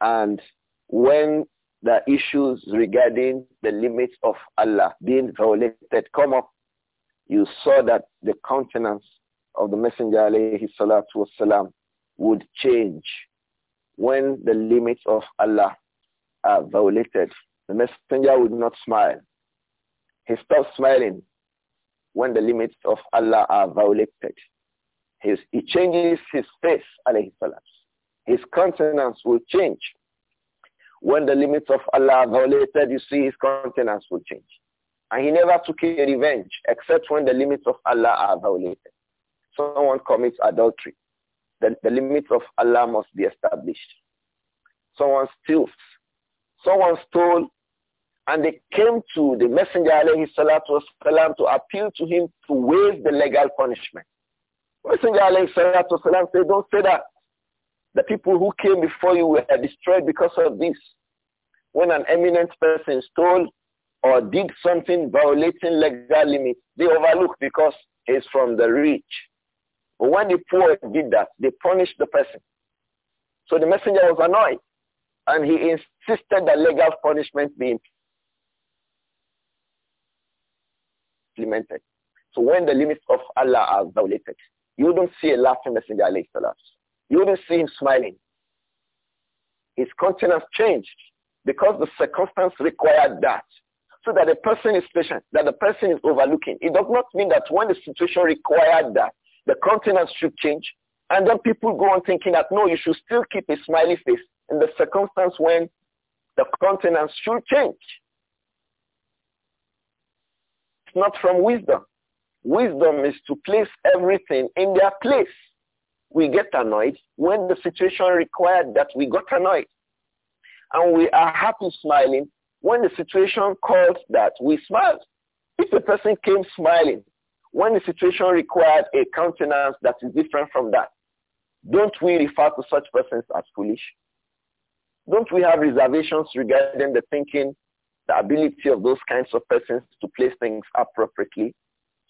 And when the issues regarding the limits of Allah being violated come up, you saw that the countenance of the Messenger alayhi salatu wasalam would change when the limits of Allah are violated. The messenger would not smile. He stops smiling when the limits of Allah are violated. His, he changes his face, alayhi salam. His countenance will change. When the limits of Allah are violated, you see his countenance will change. And he never took a revenge except when the limits of Allah are violated. Someone commits adultery. The, the limits of Allah must be established. Someone steals. Someone stole and they came to the Messenger alayhi salatu to appeal to him to waive the legal punishment. Messenger alayhi said, don't say that. The people who came before you were destroyed because of this. When an eminent person stole or did something violating legal limits, they overlook because he's from the rich. But when the poor did that, they punished the person. So the messenger was annoyed and he insisted that legal punishment be implemented. So when the limits of Allah are violated, you don't see a laughing messenger alayhi salam. You don't see him smiling. His countenance changed because the circumstance required that. So that the person is patient, that the person is overlooking. It does not mean that when the situation required that, the countenance should change. And then people go on thinking that, no, you should still keep a smiley face in the circumstance when the countenance should change. It's not from wisdom. Wisdom is to place everything in their place. We get annoyed when the situation required that we got annoyed. And we are happy smiling when the situation calls that we smiled. If a person came smiling when the situation required a countenance that is different from that, don't we refer to such persons as foolish? Don't we have reservations regarding the thinking the ability of those kinds of persons to place things appropriately.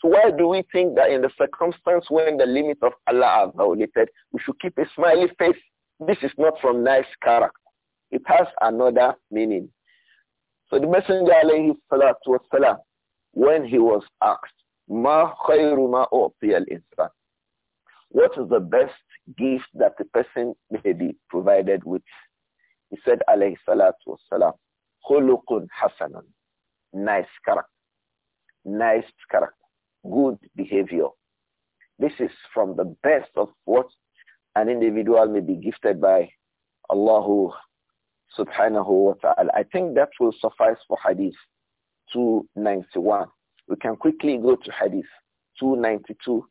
So why do we think that in the circumstance when the limits of Allah are violated, we should keep a smiley face? This is not from nice character. It has another meaning. So the Messenger alayhi salatu wasalam, when he was asked, Ma ma insan What is the best gift that the person may be provided with? He said alayhi salatu wasalam, Khulukun hasanun. Nice character. Nice character. Good behavior. This is from the best of what an individual may be gifted by Allah subhanahu wa ta'ala. I think that will suffice for hadith 291. We can quickly go to hadith 292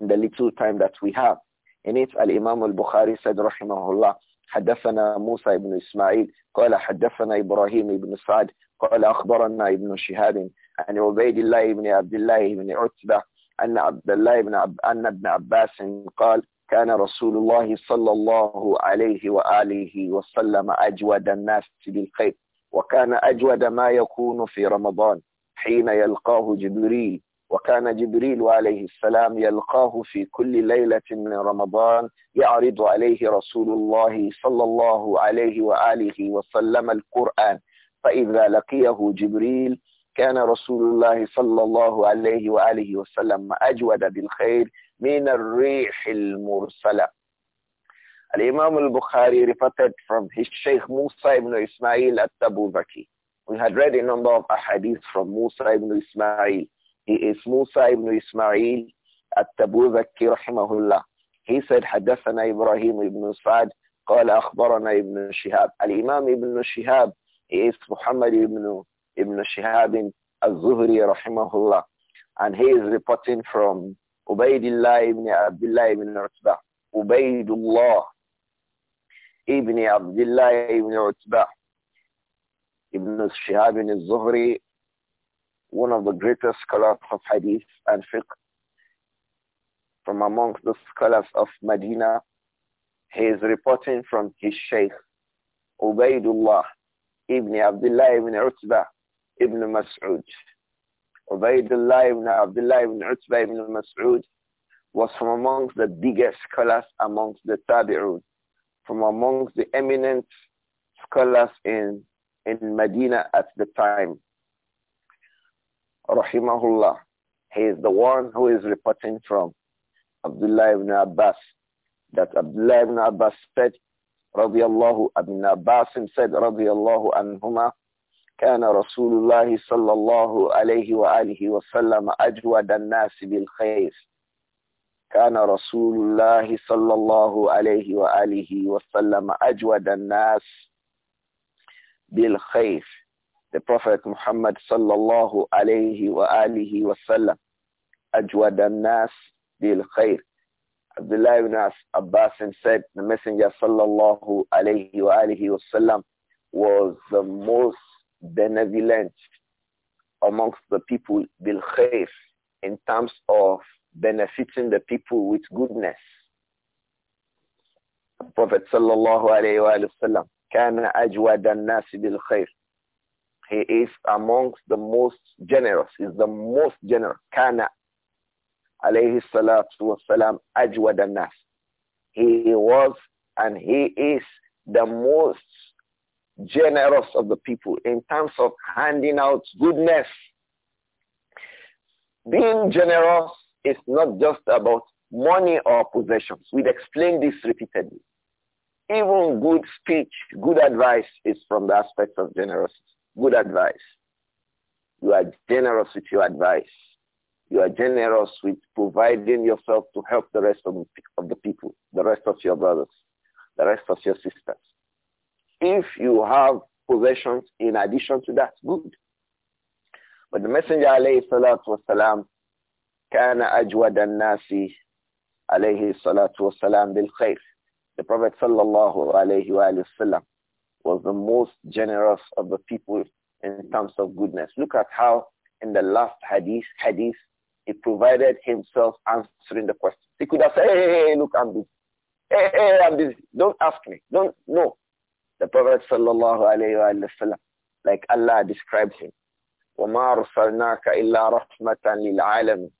in the little time that we have. In it, Al-Imam al-Bukhari said, rahimahullah, حدثنا موسى بن إسماعيل قال حدثنا إبراهيم بن سعد قال أخبرنا ابن شهاب عن عبيد الله بن عبد الله بن عتبة أن عبد الله بن عب... أن ابن عباس قال كان رسول الله صلى الله عليه وآله وسلم أجود الناس بالخير وكان أجود ما يكون في رمضان حين يلقاه جبريل وكان جبريل عليه السلام يلقاه في كل ليلة من رمضان يعرض عليه رسول الله صلى الله عليه وآله وسلم القرآن فإذا لقيه جبريل كان رسول الله صلى الله عليه وآله وسلم أجود بالخير من الريح المرسلة الإمام البخاري reported from his Sheikh Musa ibn Ismail at We had read a number of ahadith from Musa ibn Ismail. He is Musa ibn Ismail at-Tabuzakki rahimahullah. He said, حدثنا إبراهيم ibn Sa'd قال أخبرنا Shihab. Al-Imam ibn Shihab is Muhammad ibn, ibn Shihab al-Zuhri rahimahullah. And he is reporting from Ubaidullah ibn Abdullah ibn Utbah. Ubaidullah ibn Abdullah ibn Utbah. Ibn Shihab al-Zuhri one of the greatest scholars of hadith and fiqh, from amongst the scholars of Medina. He is reporting from his sheikh, Ubaidullah ibn Abdullah ibn Utbah ibn Mas'ud. Ubaidullah ibn Abdullah ibn Utbah ibn Mas'ud was from amongst the biggest scholars amongst the Tabi'un, from amongst the eminent scholars in, in Medina at the time rahimahullah, he is the one who is reporting from Abdullah ibn Abbas, that Abdullah ibn Abbas said, radiyallahu ibn Abbas said, radiyallahu anhuma, كان رسول الله صلى الله عليه وآله وسلم أجود الناس بالخير كان رسول الله صلى الله عليه وآله وسلم أجود الناس بالخير the Prophet Muhammad sallallahu alayhi wa alihi wa sallam, ajwadan nas bil khair. Abdullah ibn Abbas said the Messenger sallallahu alayhi wa alihi wa sallam was the most benevolent amongst the people bil khair in terms of benefiting the people with goodness. The Prophet sallallahu alayhi wa sallam كان أجود الناس بالخير he is amongst the most generous. He's the most generous. Kana alayhi salatu wasalam nas He was and he is the most generous of the people in terms of handing out goodness. Being generous is not just about money or possessions. We've explained this repeatedly. Even good speech, good advice is from the aspect of generosity good advice. You are generous with your advice. You are generous with providing yourself to help the rest of, of the people, the rest of your brothers, the rest of your sisters. If you have possessions in addition to that, good. But the Messenger alayhi salatu wasalam, كان أجود الناس عليه الصلاة والسلام بالخير. The Prophet sallallahu alayhi wa sallam was the most generous of the people in terms of goodness. Look at how in the last hadith, hadith, he provided himself answering the question. He could have said, hey, hey, hey look, I'm busy. Hey, hey, I'm busy. Don't ask me. Don't, no. The Prophet sallallahu alayhi wa sallam, like Allah describes him, وَمَا رُسَلْنَاكَ إِلَّا رَحْمَةً لِلْعَالَمِ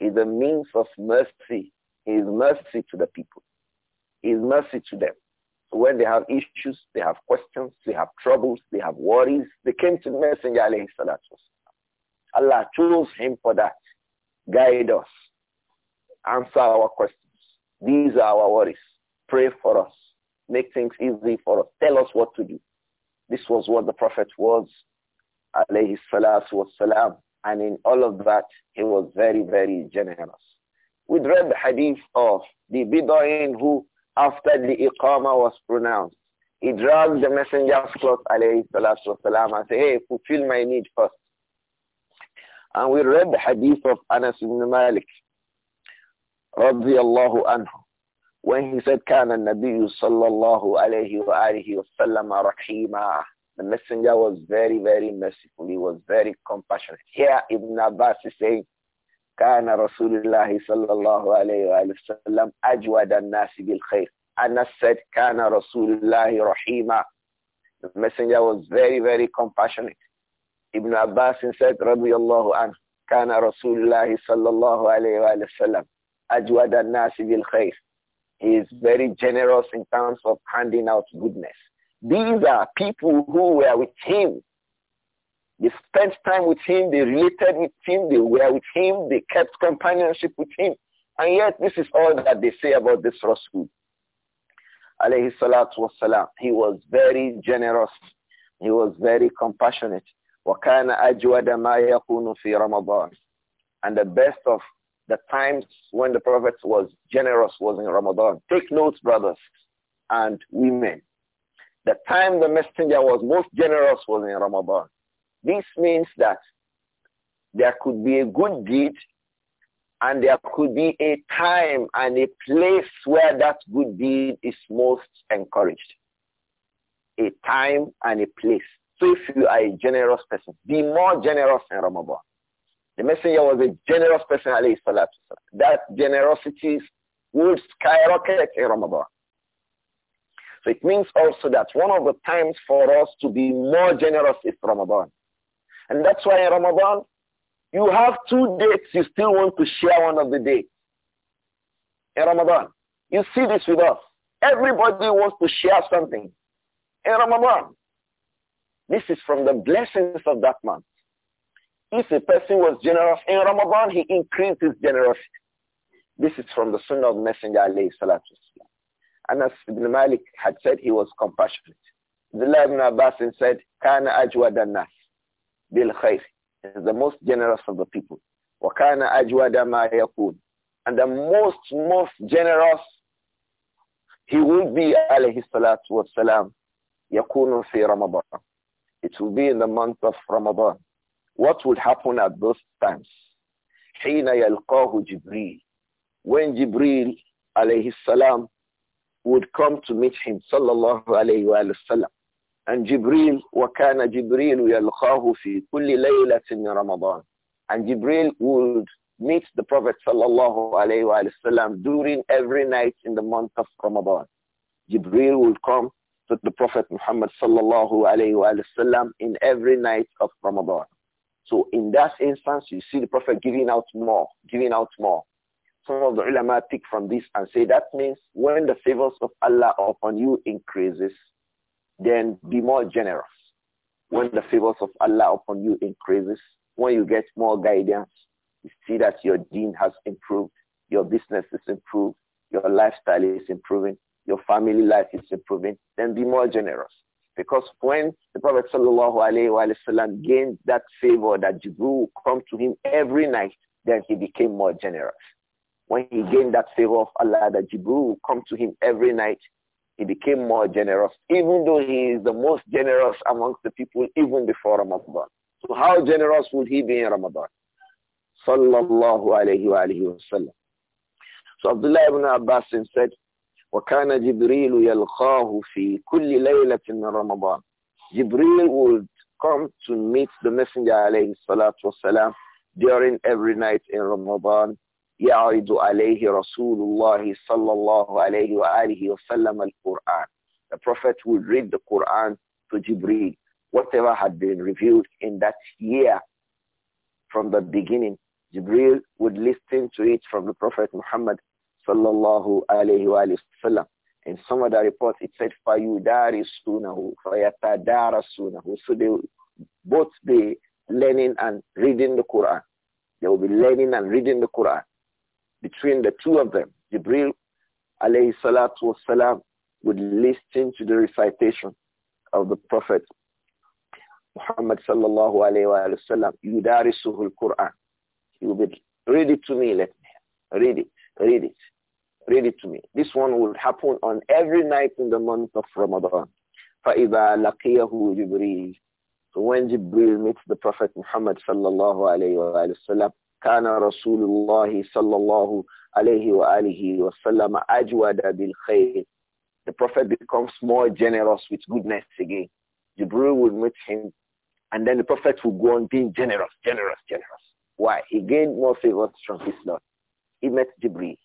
is a means of mercy. He is mercy to the people. He is mercy to them. So when they have issues, they have questions, they have troubles, they have worries, they came to the Messenger alayhi salatu Allah chose him for that. Guide us. Answer our questions. These are our worries. Pray for us. Make things easy for us. Tell us what to do. This was what the Prophet was, alayhi salatu was And in all of that, he was very, very generous. We read the hadith of the Bid'ain who after the Iqama was pronounced. He dragged the messenger's cloth, alayhi salatu wasalam, and said, hey, fulfill my need first. And we read the hadith of Anas ibn Malik, radiallahu anhu, when he said, كان النبي صلى الله عليه وآله وسلم رحيما. The messenger was very, very merciful. He was very compassionate. Here Ibn Abbas is saying, كان رسول الله صلى الله عليه وآله وسلم أجود الناس بالخير Anas said كان رسول الله رحيما The messenger was very very compassionate Ibn Abbas said رضي الله عنه كان رسول الله صلى الله عليه وآله وسلم أجود الناس بالخير He is very generous in terms of handing out goodness. These are people who were with him they spent time with him, they related with him, they were with him, they kept companionship with him. And yet this is all that they say about this Rasul. Alayhi salatu wassalam. He was very generous. He was very compassionate. وَكَانَ أَجْوَدَ مَا يَكُونُ فِي رَمَضَانِ And the best of the times when the Prophet was generous was in Ramadan. Take notes, brothers and women. The time the messenger was most generous was in Ramadan. This means that there could be a good deed and there could be a time and a place where that good deed is most encouraged. A time and a place. So if you are a generous person, be more generous in Ramadan. The messenger was a generous person, That generosity would skyrocket in Ramadan. So it means also that one of the times for us to be more generous is Ramadan. And that's why in Ramadan, you have two dates you still want to share one of the dates. In Ramadan, you see this with us. Everybody wants to share something. In Ramadan, this is from the blessings of that month. If a person was generous in Ramadan, he increased his generosity. This is from the Sunnah of Messenger alayhi salatu Anas ibn Malik had said he was compassionate. The ibn Abbas said, Kana ajwadan nas bil khair. Is the most generous of the people. وَكَانَ أَجْوَدَ مَا يَكُونُ And the most, most generous he will be, alayhi salatu wasalam, يَكُونُ فِي رَمَضَانَ It will be in the month of Ramadan. What will happen at those times? حِينَ يَلْقَاهُ جِبْرِيلُ When Jibril, alayhi salam, would come to meet him, sallallahu alayhi wa sallam. And Jibril, وَكَانَ جِبْرِيلُ يَلْقَاهُ فِي كُلِّ لَيْلَةٍ رَمَضَانٍ And Jibril would meet the Prophet sallallahu alayhi wa sallam during every night in the month of Ramadan. Jibril would come to the Prophet Muhammad sallallahu alayhi wa sallam in every night of Ramadan. So in that instance, you see the Prophet giving out more, giving out more. Some of the ulama take from this and say that means when the favors of Allah upon you increases, then be more generous. When the favors of Allah upon you increases, when you get more guidance, you see that your deen has improved, your business is improved, your lifestyle is improving, your family life is improving, then be more generous. Because when the Prophet wasallam gained that favor that Jibril come to him every night, then he became more generous. When he gained that favor of Allah that Jibril come to him every night, he became more generous, even though he is the most generous amongst the people even before Ramadan. So how generous would he be in Ramadan? Sallallahu alayhi wa alayhi wa sallam. So Abdullah ibn Abbas said, وَكَانَ جِبْرِيلُ يَلْقَاهُ فِي كُلِّ لَيْلَةٍ مِّن رَمَضَانٍ Jibril would come to meet the Messenger alayhi salatu wasalam during every night in Ramadan يعرض عليه رسول الله صلى الله عليه وآله وسلم القرآن. The Prophet would read the Quran to Jibreel, whatever had been revealed in that year from the beginning. Jibreel would listen to it from the Prophet Muhammad sallallahu alayhi wa In some of the reports, it said, فَيُدَارِسُونَهُ فَيَتَدَارَسُونَهُ So they both be learning and reading the Quran. They will be learning and reading the Quran between the two of them, Jibril alayhi salatu wasalam would listen to the recitation of the Prophet Muhammad sallallahu alayhi wa sallam, yudarisuhu quran He would read it to me, let me read it, read it, read it to me. This one would happen on every night in the month of Ramadan. فَإِذَا لَقِيَهُ جِبْرِيلٌ So when Jibril meets the Prophet Muhammad sallallahu alayhi wa sallam, كان رسول الله صلى الله عليه وآله وسلم أجود بالخير the prophet becomes more generous with goodness again Jibril would meet him and then the prophet would go on being generous generous generous why he gained more favors from his Lord he met Jibril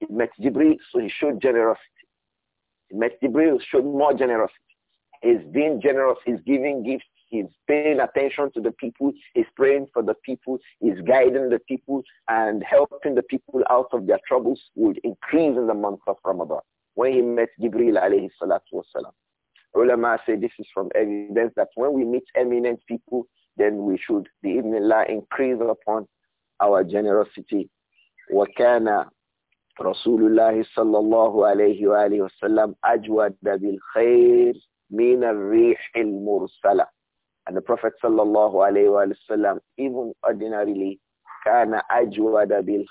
he met Jibril so he showed generosity he met Jibril showed more generosity he's being generous he's giving gifts He's paying attention to the people. He's praying for the people. He's guiding the people and helping the people out of their troubles would increase in the month of Ramadan. When he met Gabriel. alayhi salatu wasalam. Ulama say this is from evidence that when we meet eminent people, then we should, bi'idhnillah, increase upon our generosity. وَكَانَ رسول alayhi صلى الله عليه وآله khair min al من al mursala and the Prophet sallallahu alayhi wa sallam, even ordinarily, kana ajwada bil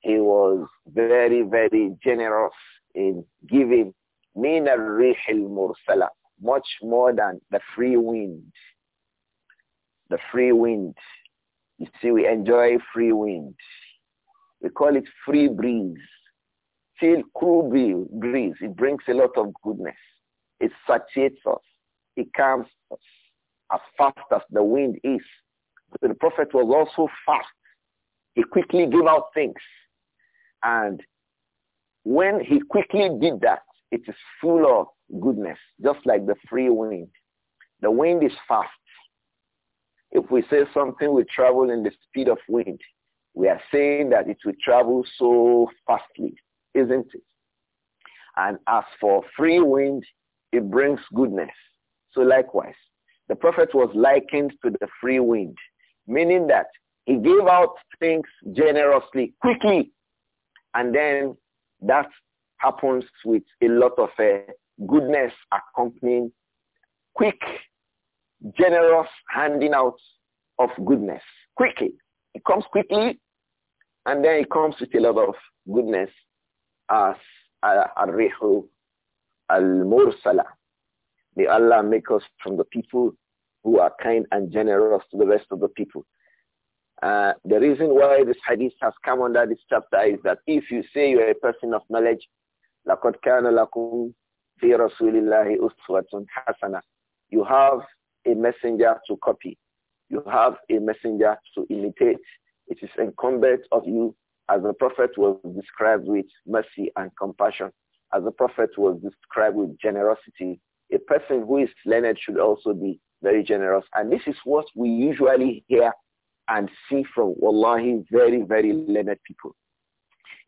He was very, very generous in giving mina al-rih mursala much more than the free wind. The free wind. You see, we enjoy free wind. We call it free breeze. Feel cool breeze. It brings a lot of goodness. It satiates us. It calms us as fast as the wind is. So the Prophet was also fast. He quickly gave out things. And when he quickly did that, it is full of goodness, just like the free wind. The wind is fast. If we say something will travel in the speed of wind, we are saying that it will travel so fastly, isn't it? And as for free wind, it brings goodness. So likewise, the Prophet was likened to the free wind, meaning that he gave out things generously, quickly, and then that happens with a lot of uh, goodness accompanying quick, generous handing out of goodness. Quickly. It comes quickly, and then it comes with a lot of goodness as uh, al-rihu al-mursala. May Allah make us from the people who are kind and generous to the rest of the people. Uh, the reason why this hadith has come under this chapter is that if you say you are a person of knowledge, لَقَدْ كَانَ لَكُمْ فِي رَسُولِ اللَّهِ أُسْوَةٌ You have a messenger to copy. You have a messenger to imitate. It is incumbent of you, as the Prophet was described with mercy and compassion, as the Prophet was described with generosity. A person who is learned should also be very generous. And this is what we usually hear and see from, wallahi, very, very learned people.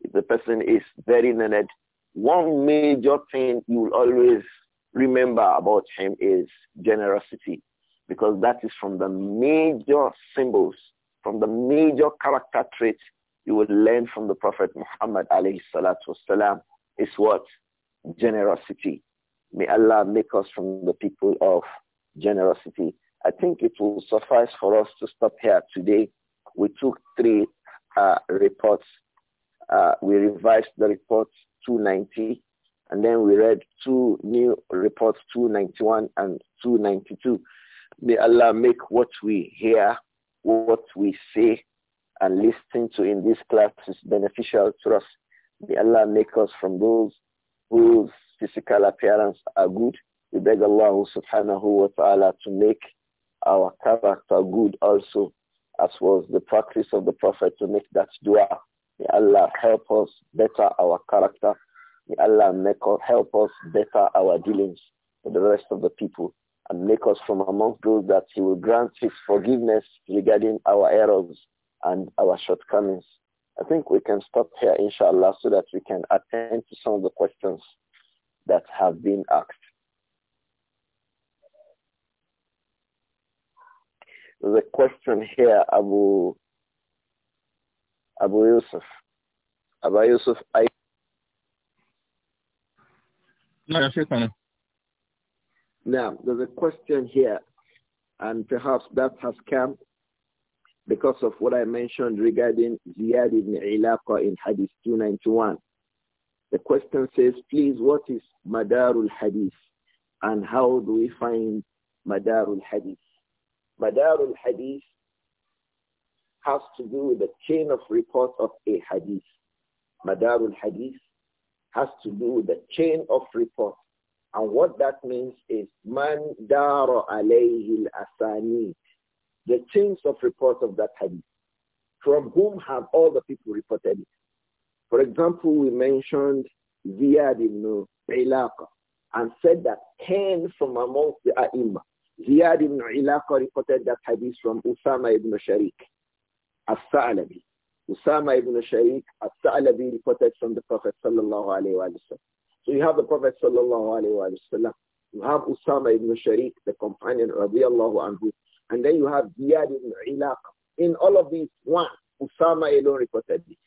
If the person is very learned, one major thing you will always remember about him is generosity, because that is from the major symbols, from the major character traits you will learn from the Prophet Muhammad alayhi salatu wasalam is what? Generosity. May Allah make us from the people of generosity. I think it will suffice for us to stop here today. We took three uh, reports. Uh, we revised the report 290, and then we read two new reports, 291 and 292. May Allah make what we hear, what we say, and listen to in this class is beneficial to us. May Allah make us from those whose physical appearance are good we beg Allah subhanahu wa ta'ala to make our character good also, as was the practice of the Prophet to make that dua. May Allah help us better our character. May Allah make us, help us better our dealings with the rest of the people and make us from among those that he will grant his forgiveness regarding our errors and our shortcomings. I think we can stop here, inshallah, so that we can attend to some of the questions that have been asked. There's a question here, Abu Abu Yusuf. Abu Yusuf, I. No, now, there's a question here, and perhaps that has come because of what I mentioned regarding Ziyad ibn Ilaqa in Hadith 291. The question says, please, what is Madarul Hadith? And how do we find Madarul Hadith? Madarul hadith has to do with the chain of report of a hadith. Madarul hadith has to do with the chain of report. And what that means is man daro alayhi al-asanid. The chains of report of that hadith. From whom have all the people reported it? For example, we mentioned Ziyad ibn Ilaqa and said that 10 from amongst the ai Ziyad ibn Ilaqa reported that hadith from Usama ibn Sharik, As-Sa'labi. Usama ibn Sharik, As-Sa'labi reported from the Prophet sallallahu alayhi wa So you have the Prophet sallallahu alayhi wa You have Usama ibn Sharik, the companion radiallahu anhu. And then you have Ziyad ibn Ilaqa. In all of these, one, Usama alone reported this.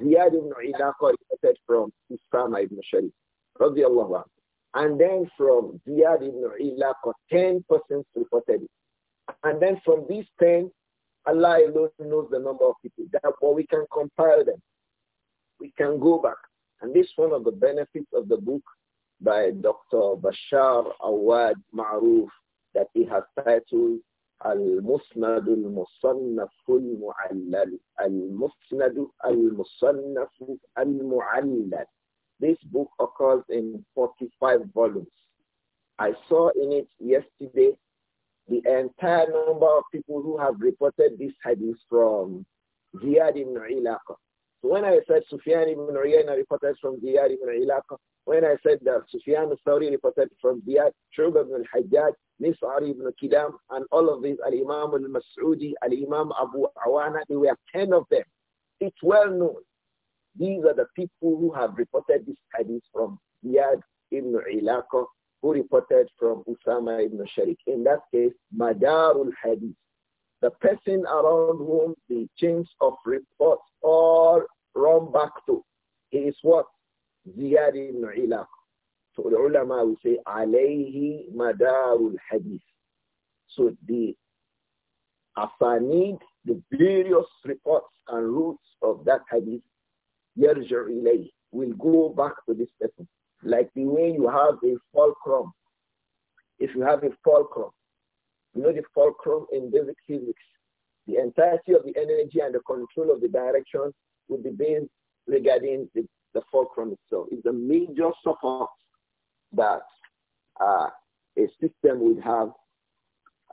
Ziyad ibn Ilaqa reported from Usama ibn Sharik, radiallahu anhu. And then from Ziyad ibn Ilaqa, 10 persons reported it. And then from these 10, Allah alone knows the number of people. That, but we can compile them. We can go back. And this is one of the benefits of the book by Dr. Bashar Awad Ma'ruf that he has titled المسند المصنف المعلل المسند المصنف المعلل this book occurs in 45 volumes. I saw in it yesterday the entire number of people who have reported this hadith from Ziyad ibn Ilaqa. So when I said Sufyan ibn Uyayna reported from Ziyad ibn Ilaqa, when I said that Sufyan al-Thawri reported from Ziyad, Shub ibn al-Hajjaj, Nis'ar ibn Kilam, and all of these, Al-Imam al-Mas'udi, Al-Imam Abu Awana, there were 10 of them. It's well known. These are the people who have reported this hadith from Ziyad ibn Ilaqa, who reported from Usama ibn Sharik. In that case, Madarul Hadith. The person around whom the chains of reports all run back to. He is what? Ziyad ibn Ilaqa. So the ulama will say, alayhi madarul hadith. So the asanid, the various reports and roots of that hadith your relay will go back to this person. Like the way you have a fulcrum. If you have a fulcrum, you know the fulcrum in basic physics. The entirety of the energy and the control of the direction would be based regarding the, the fulcrum itself. It's a major support that uh, a system would have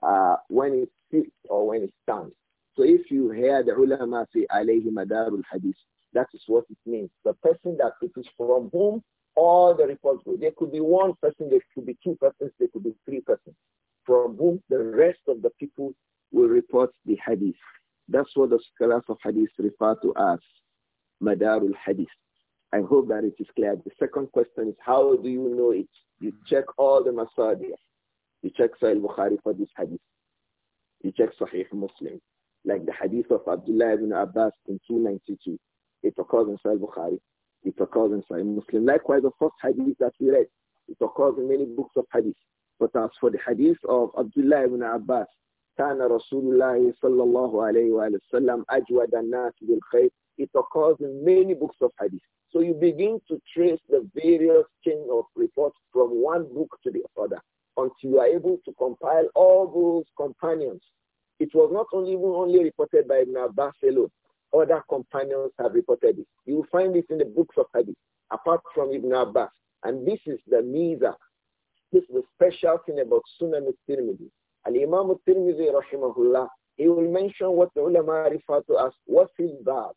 uh, when it sits or when it stands. So if you hear the ulama say alayhi madarul hadith, that is what it means. The person that it is from whom all the reports go. There could be one person, there could be two persons, there could be three persons from whom the rest of the people will report the hadith. That's what the scholars of hadith refer to as madarul hadith. I hope that it is clear. The second question is how do you know it? You check all the masadir. You check Sahih Bukhari for this hadith. You check Sahih Muslim, like the hadith of Abdullah ibn Abbas in 292. It occurs in Sahih Bukhari. It occurs in Sahih Muslim. Likewise, the first hadith that we read, it occurs in many books of hadith. But as for the hadith of Abdullah ibn Abbas, كان رسول الله صلى الله عليه وسلم أجود الناس بالخير it occurs in many books of hadith. So you begin to trace the various chain of reports from one book to the other until you are able to compile all those companions. It was not only even only reported by Ibn Abbas alone. Other companions have reported it. You will find this in the books of Hadith, apart from Ibn Abbas. And this is the Miza. This is the special thing about Sunan al-Tirmidhi. Al-Imam al-Tirmidhi, rahimahullah, he will mention what the ulama refer to as what's his bab.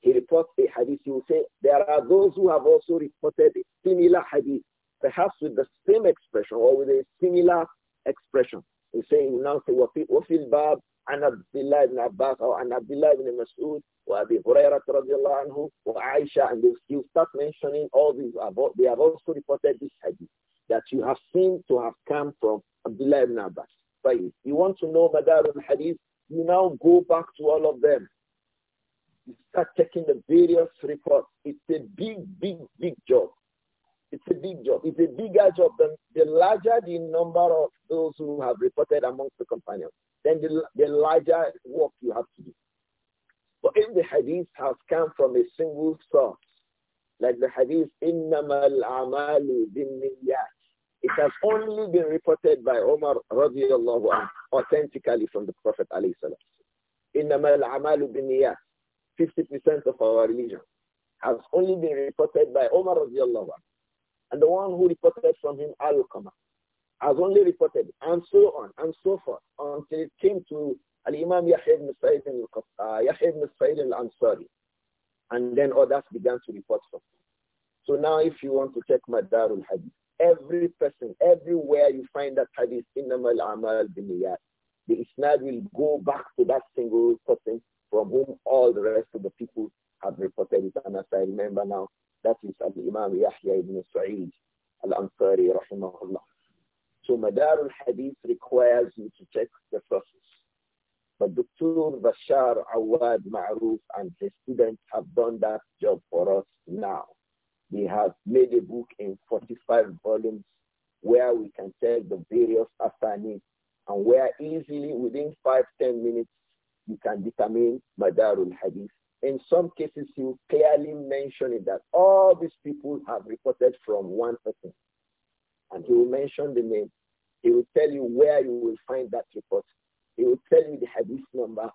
He reports a hadith. He will say, there are those who have also reported a similar hadith, perhaps with the same expression or with a similar expression. He will say, he will now say, وَفِي bad? عن عبد الله بن or عن عبد الله بن مسعود وأبي هريرة رضي الله عنه وعائشة and you start mentioning all these about, they have also reported this hadith that you have seen to have come from Abdullah ibn Abbas. But if you want to know Madar hadith you now go back to all of them. You start checking the various reports. It's a big, big, big job. It's a big job. It's a bigger job than the larger the number of those who have reported amongst the companions then the, the larger work you have to do. But if the hadith has come from a single source, like the hadith, إِنَّمَا Amalu It has only been reported by Omar radiallahu anhu authentically from the Prophet alayhi salam. إِنَّمَا Amalu بِالنِّيَّاتِ 50% of our religion has only been reported by Omar radiallahu anhu. And the one who reported from him, Al-Qamah has only reported, and so on and so forth, until it came to Al-Imam Yahya ibn Sa'id uh, al-Ansari. And then others began to report from him. So now if you want to check Madarul Hadith, every person, everywhere you find that hadith, Al amal Yahya, the isnad will go back to that single person from whom all the rest of the people have reported it. And as I remember now, that is Al-Imam Yahya ibn Sa'id al-Ansari rahimahullah. So Madarul Hadith requires you to check the sources, But Dr. Bashar Awad Ma'ruf and his students have done that job for us now. They have made a book in 45 volumes where we can check the various asanis and where easily within five ten minutes you can determine Madarul Hadith. In some cases, you clearly mention it that all these people have reported from one person and he will mention the name. He will tell you where you will find that report. He will tell you the hadith number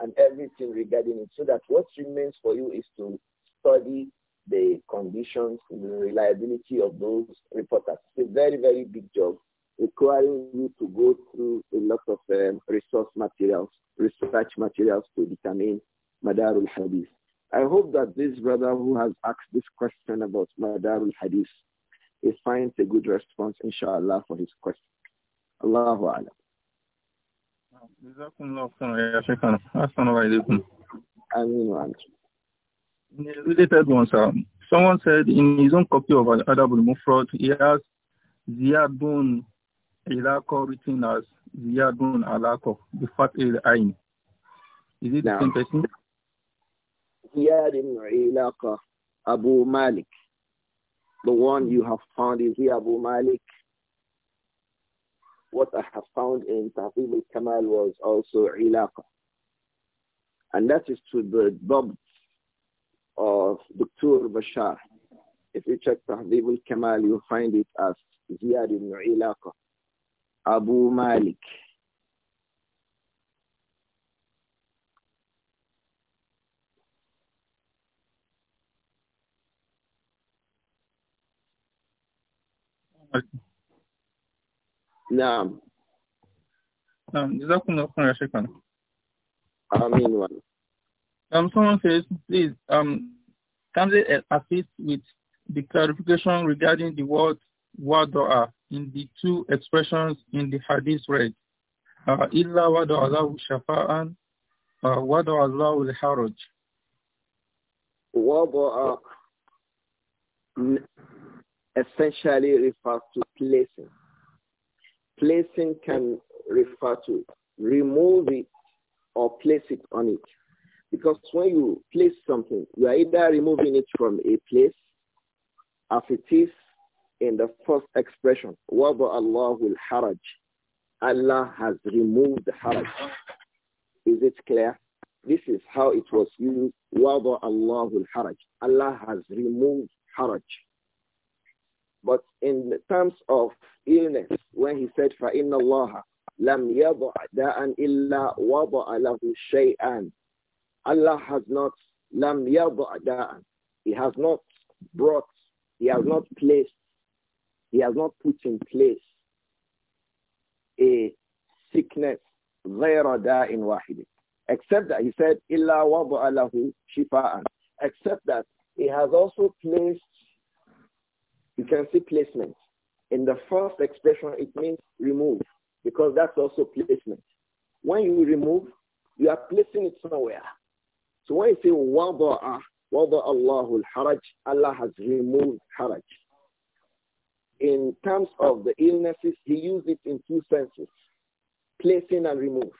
and everything regarding it so that what remains for you is to study the conditions, the reliability of those reporters. It's a very, very big job requiring you to go through a lot of um, resource materials, research materials to determine Madarul Hadith. I hope that this brother who has asked this question about Madarul Hadith he finds a good response, inshallah, for his question. Allahu Alam. Related one, sir. Someone said in his own copy of Adab al-Mufrad, he has Ziyadun Ilako written as Ziyadun Alako, the fat il Ain. Is it interesting? the same person? Ziyadun Ilako, Abu Malik. The one you have found is here, Abu Malik. What I have found in Tafib al-Kamal was also ilaqa. And that is to the dabt of Dr. Bashar. If you check Tahdib al-Kamal, you find it as Ziyad ibn Ilaqa, Abu Malik. نعم نعم جزاكم الله خيرا شكرا آمين Um, someone says, please, um, can they assist with the clarification regarding the word wadoa in the two expressions in the hadith read. Uh, illa wadoa Allahu shafa'an, uh, wadoa Allahu al-haraj. Wadoa essentially refers to placing. Placing can refer to remove it or place it on it. Because when you place something, you are either removing it from a place as it is in the first expression, Wada Allahul Haraj. Allah has removed the haraj. Is it clear? This is how it was used. Wada Allahul Haraj. Allah has removed haraj. But in terms of illness, when he said, فَإِنَّ اللَّهَ لَمْ يَضَعْ دَاءً إِلَّا وَضَعَ لَهُ شَيْئًا Allah has not, لَمْ يَضَعْ دَاءً He has not brought, he has not placed, he has not put in place a sickness غَيْرَ دَاءٍ وَاحِدٍ Except that he said, إِلَّا وَضَعَ لَهُ شِفَاءً Except that he has also placed you can see placement. In the first expression, it means remove, because that's also placement. When you remove, you are placing it somewhere. So when you say wada'a, wada'a Allahu al-haraj, Allah has removed haraj. In terms of the illnesses, he used it in two senses, placing and remove.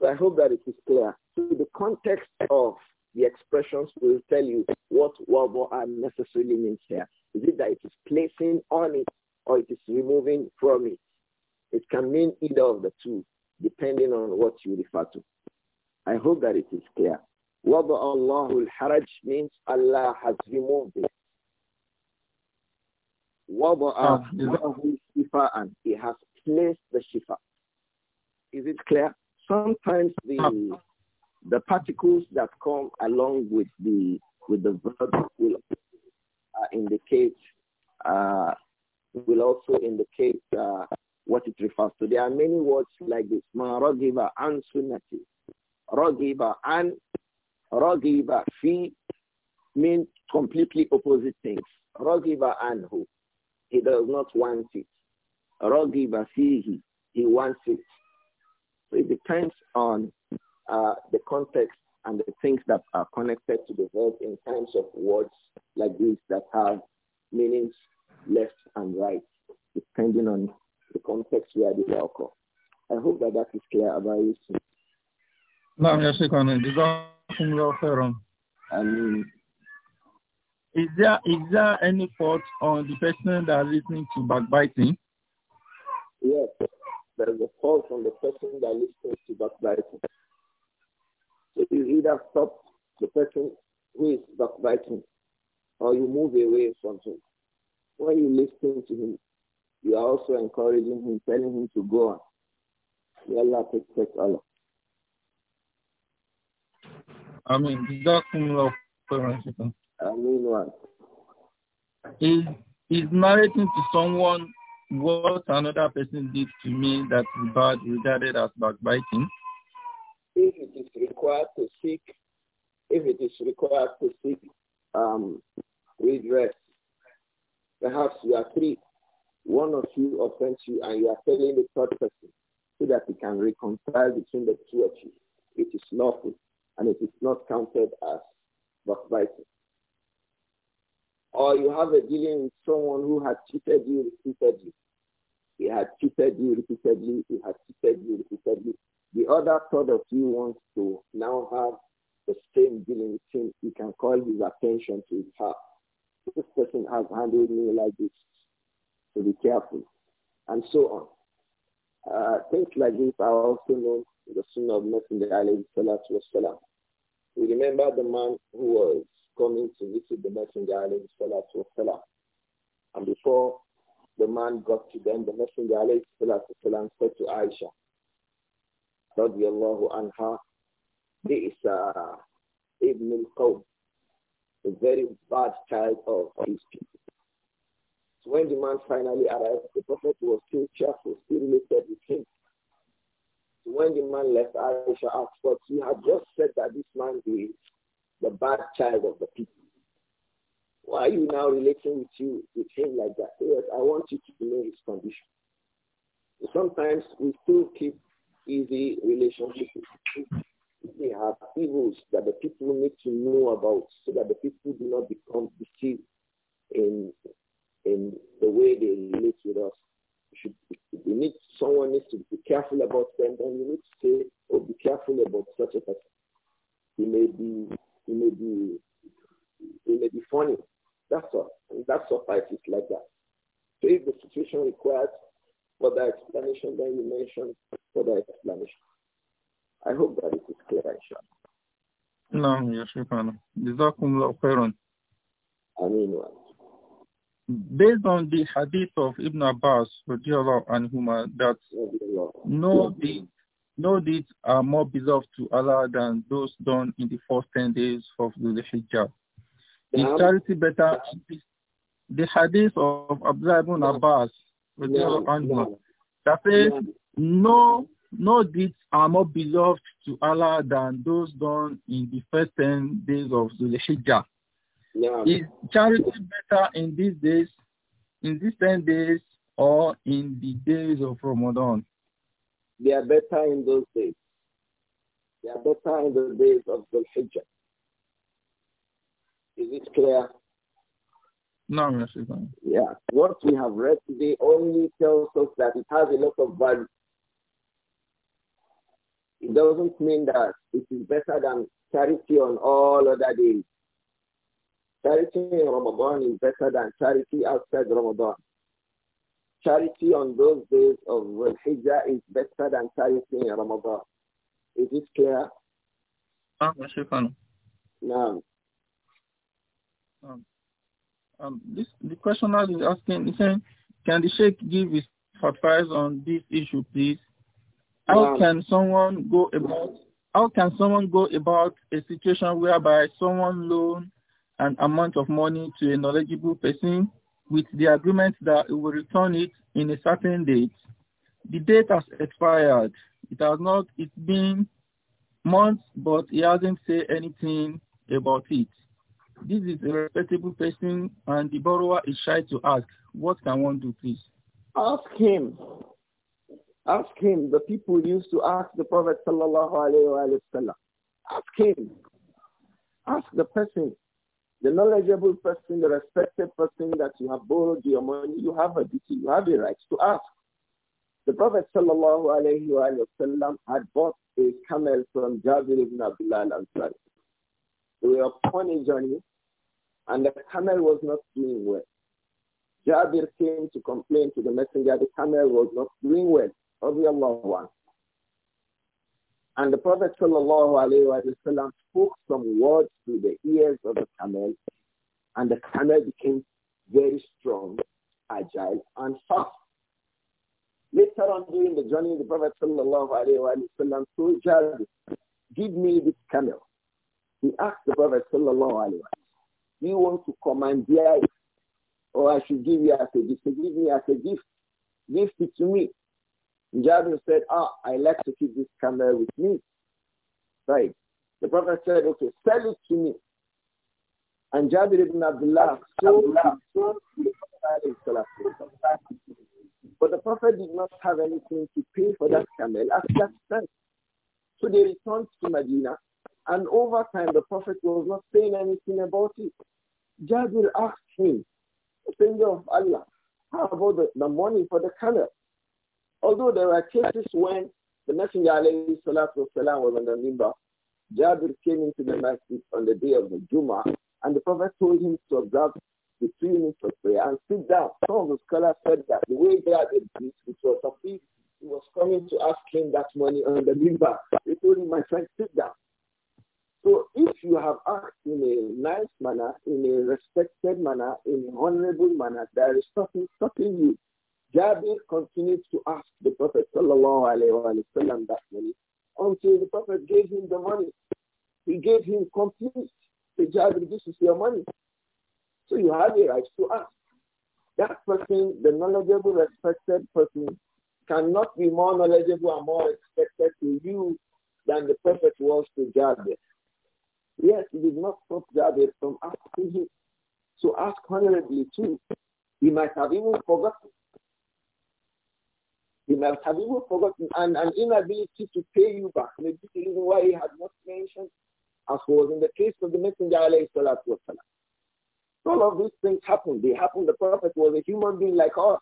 So I hope that it is clear. So the context of the expressions will tell you what wada'a necessarily means here. Is it that it is placing on it or it is removing from it? It can mean either of the two, depending on what you refer to. I hope that it is clear. وَضَعَ اللَّهُ Haraj means Allah has removed it. وَضَعَ ah, Shifa and He has placed the shifa. Is it clear? Sometimes the ah. the particles that come along with the with the verb will uh, uh, will also indicate uh, what it refers to. There are many words like this. Ma ragiba an sunnati. Ragiba an, ragiba fi mean completely opposite things. Ragiba who He does not want it. Ragiba fihi. He wants it. So it depends on uh, the context and the things that are connected to the verb in terms of words like this that have meanings left and right, depending on the context where they occur. I hope that that is clear about you. نعم يا شيخنا جزاكم الله Is there is there any fault on the person that is listening to backbiting? Yes, there is a fault on the person that listens to backbiting. So you either stop the person who is backbiting or you move away from him. When you listen to him, you are also encouraging him, telling him to go on. Allah protect Allah. I mean, Jazakumullah khairan. I mean what? Is, is narrating to someone what another person did to me that is bad regarded as backbiting? if it is required to seek, if it is required to seek um, redress, perhaps you are three. One of you offends you and you are telling the third person so that he can reconcile between the two of you. It is lawful and it is not counted as backbiting. Or you have a dealing with someone who has cheated you repeatedly. He had cheated you repeatedly. He had cheated you repeatedly. The other third of you wants to now have the same dealing with him. He can call his attention to his heart. This person has handled me like this, so be careful, and so on. Uh, things like this are also known in the Sunnah of Messenger alayhi salatu wasalam. We remember the man who was coming to visit the Messenger alayhi salatu wasalam. And before the man got to them, the Messenger alayhi salatu wasalam said to Aisha, radiallahu anha, Isa uh, ibn al a very bad child of his people. So when the man finally arrived, the prophet was still cheerful, still related with him. So when the man left, Aisha asked, but he had just said that this man is the bad child of the people. Why are you now relating with you with him like that? Yes, I want you to know his condition. Sometimes we still keep easy relationship They have evils that the people need to know about so that the people do not become deceived in in the way they relate with us. You should need someone needs to be careful about them and you need to say, Oh, be careful about such a person. He may be he may be he may be funny. That's all. And that's all life is like that. So if the situation requires further explanation, then you mentioned further explanation. I hope that it is clear, inshallah. No, yes, شيخنا can. الله خيرا آمين Based on the hadith of Ibn Abbas and Huma that no deeds no deeds are more beloved to Allah than those done in the first ten days of the Hijjah. Is charity better? The hadith of Abdullah ibn Abbas no, no. that says no, no deeds are more beloved to Allah than those done in the first 10 days of Zulhijjah. Yeah. Is charity better in these days, in these 10 days, or in the days of Ramadan? They are better in those days. They are better in the days of Zulhijjah. Is it clear? No, Mr. Yeah. What we have read today only tells us that it has a lot of value. It doesn't mean that it is better than charity on all other days. Charity in Ramadan is better than charity outside Ramadan. Charity on those days of Hijjah is better than charity in Ramadan. Is it clear? Ah, no. Um, um, this, the questioner is asking, is saying, can the Sheikh give his advice on this issue, please? How um, can someone go about how can someone go about a situation whereby someone loan an amount of money to a knowledgeable person with the agreement that it will return it in a certain date? The date has expired. It has not it's been months but he hasn't said anything about it. This is a respectable person and the borrower is shy to ask. What can one do please? Ask him. Ask him. The people used to ask the Prophet sallallahu Ask him. Ask the person, the knowledgeable person, the respected person that you have borrowed your money. You have a duty. You have a right to ask. The Prophet sallallahu alaihi wasallam had bought a camel from Jabir ibn Abdullah al-Ansari. They were upon a journey, and the camel was not doing well. Jabir came to complain to the messenger the camel was not doing well. And the Prophet وسلم, spoke some words to the ears of the camel, and the camel became very strong, agile, and fast. Later on during the journey, the Prophet وسلم, told Jared, give me this camel. He asked the Prophet, وسلم, do you want to commandeer it? Or I should give you as a gift. Give me as a gift. Give it to me. Jabir said, ah, I like to keep this camel with me. Right. The Prophet said, okay, sell it to me. And Jabir ibn Abdullah sold But the Prophet did not have anything to pay for that camel at that time. So they returned to Medina. And over time, the Prophet was not saying anything about it. Jabir asked him, Messenger of Allah, how about the, the money for the camel? Although there were cases when the Messenger of Allah was on the mimbar, Jabir came into the masjid on the day of the Juma and the Prophet told him to observe the three minutes of prayer and sit down. Some of the scholars said that the way Jabir did, it was a big, he was coming to ask him that money on the mimbar. He told him, my friend, sit down. So if you have asked in a nice manner, in a respected manner, in a honorable manner, there is nothing stopping you. Jabir continued to ask the Prophet وسلم, that money until the Prophet gave him the money. He gave him complete. The Jabir, this is your money. So you have a right to ask. That person, the knowledgeable, respected person, cannot be more knowledgeable and more respected to you than the Prophet was to Jabir. Yes, he did not stop Jabir from asking him. So ask honorably too. He might have even forgotten he must have even forgotten and an inability to pay you back. Maybe the reason why he had not mentioned, as was in the case of the Messenger alayhi salatu All of these things happened. They happened. The Prophet was a human being like us.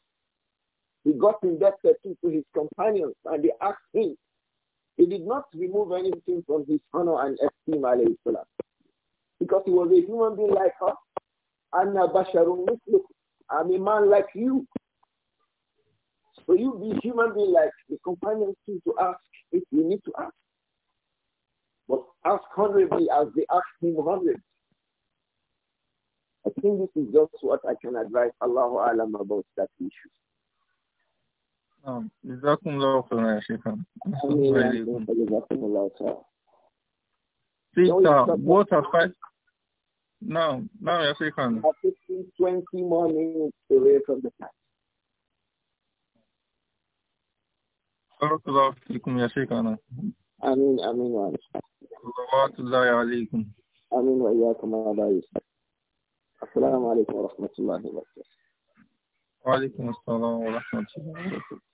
He got indebted to, to his companions and they asked him. He did not remove anything from his honor and esteem alayhi because he was a human being like us. a Basharun Muslim. I'm a man like you. So you be human being like the companions too to ask if you need to ask. But ask hundredly as they asked him hundreds. I think this is just what I can advise Allahu Alam about that issue. Um, Sister, what are five? No, no, yes, you can. 15, 20 more minutes away from the time. بارك الله فيكم يا شيخنا آمين آمين وعليكم صلوات الله عليكم آمين وإياكم على يوسف السلام عليكم ورحمة الله وبركاته وعليكم السلام ورحمة الله وبركاته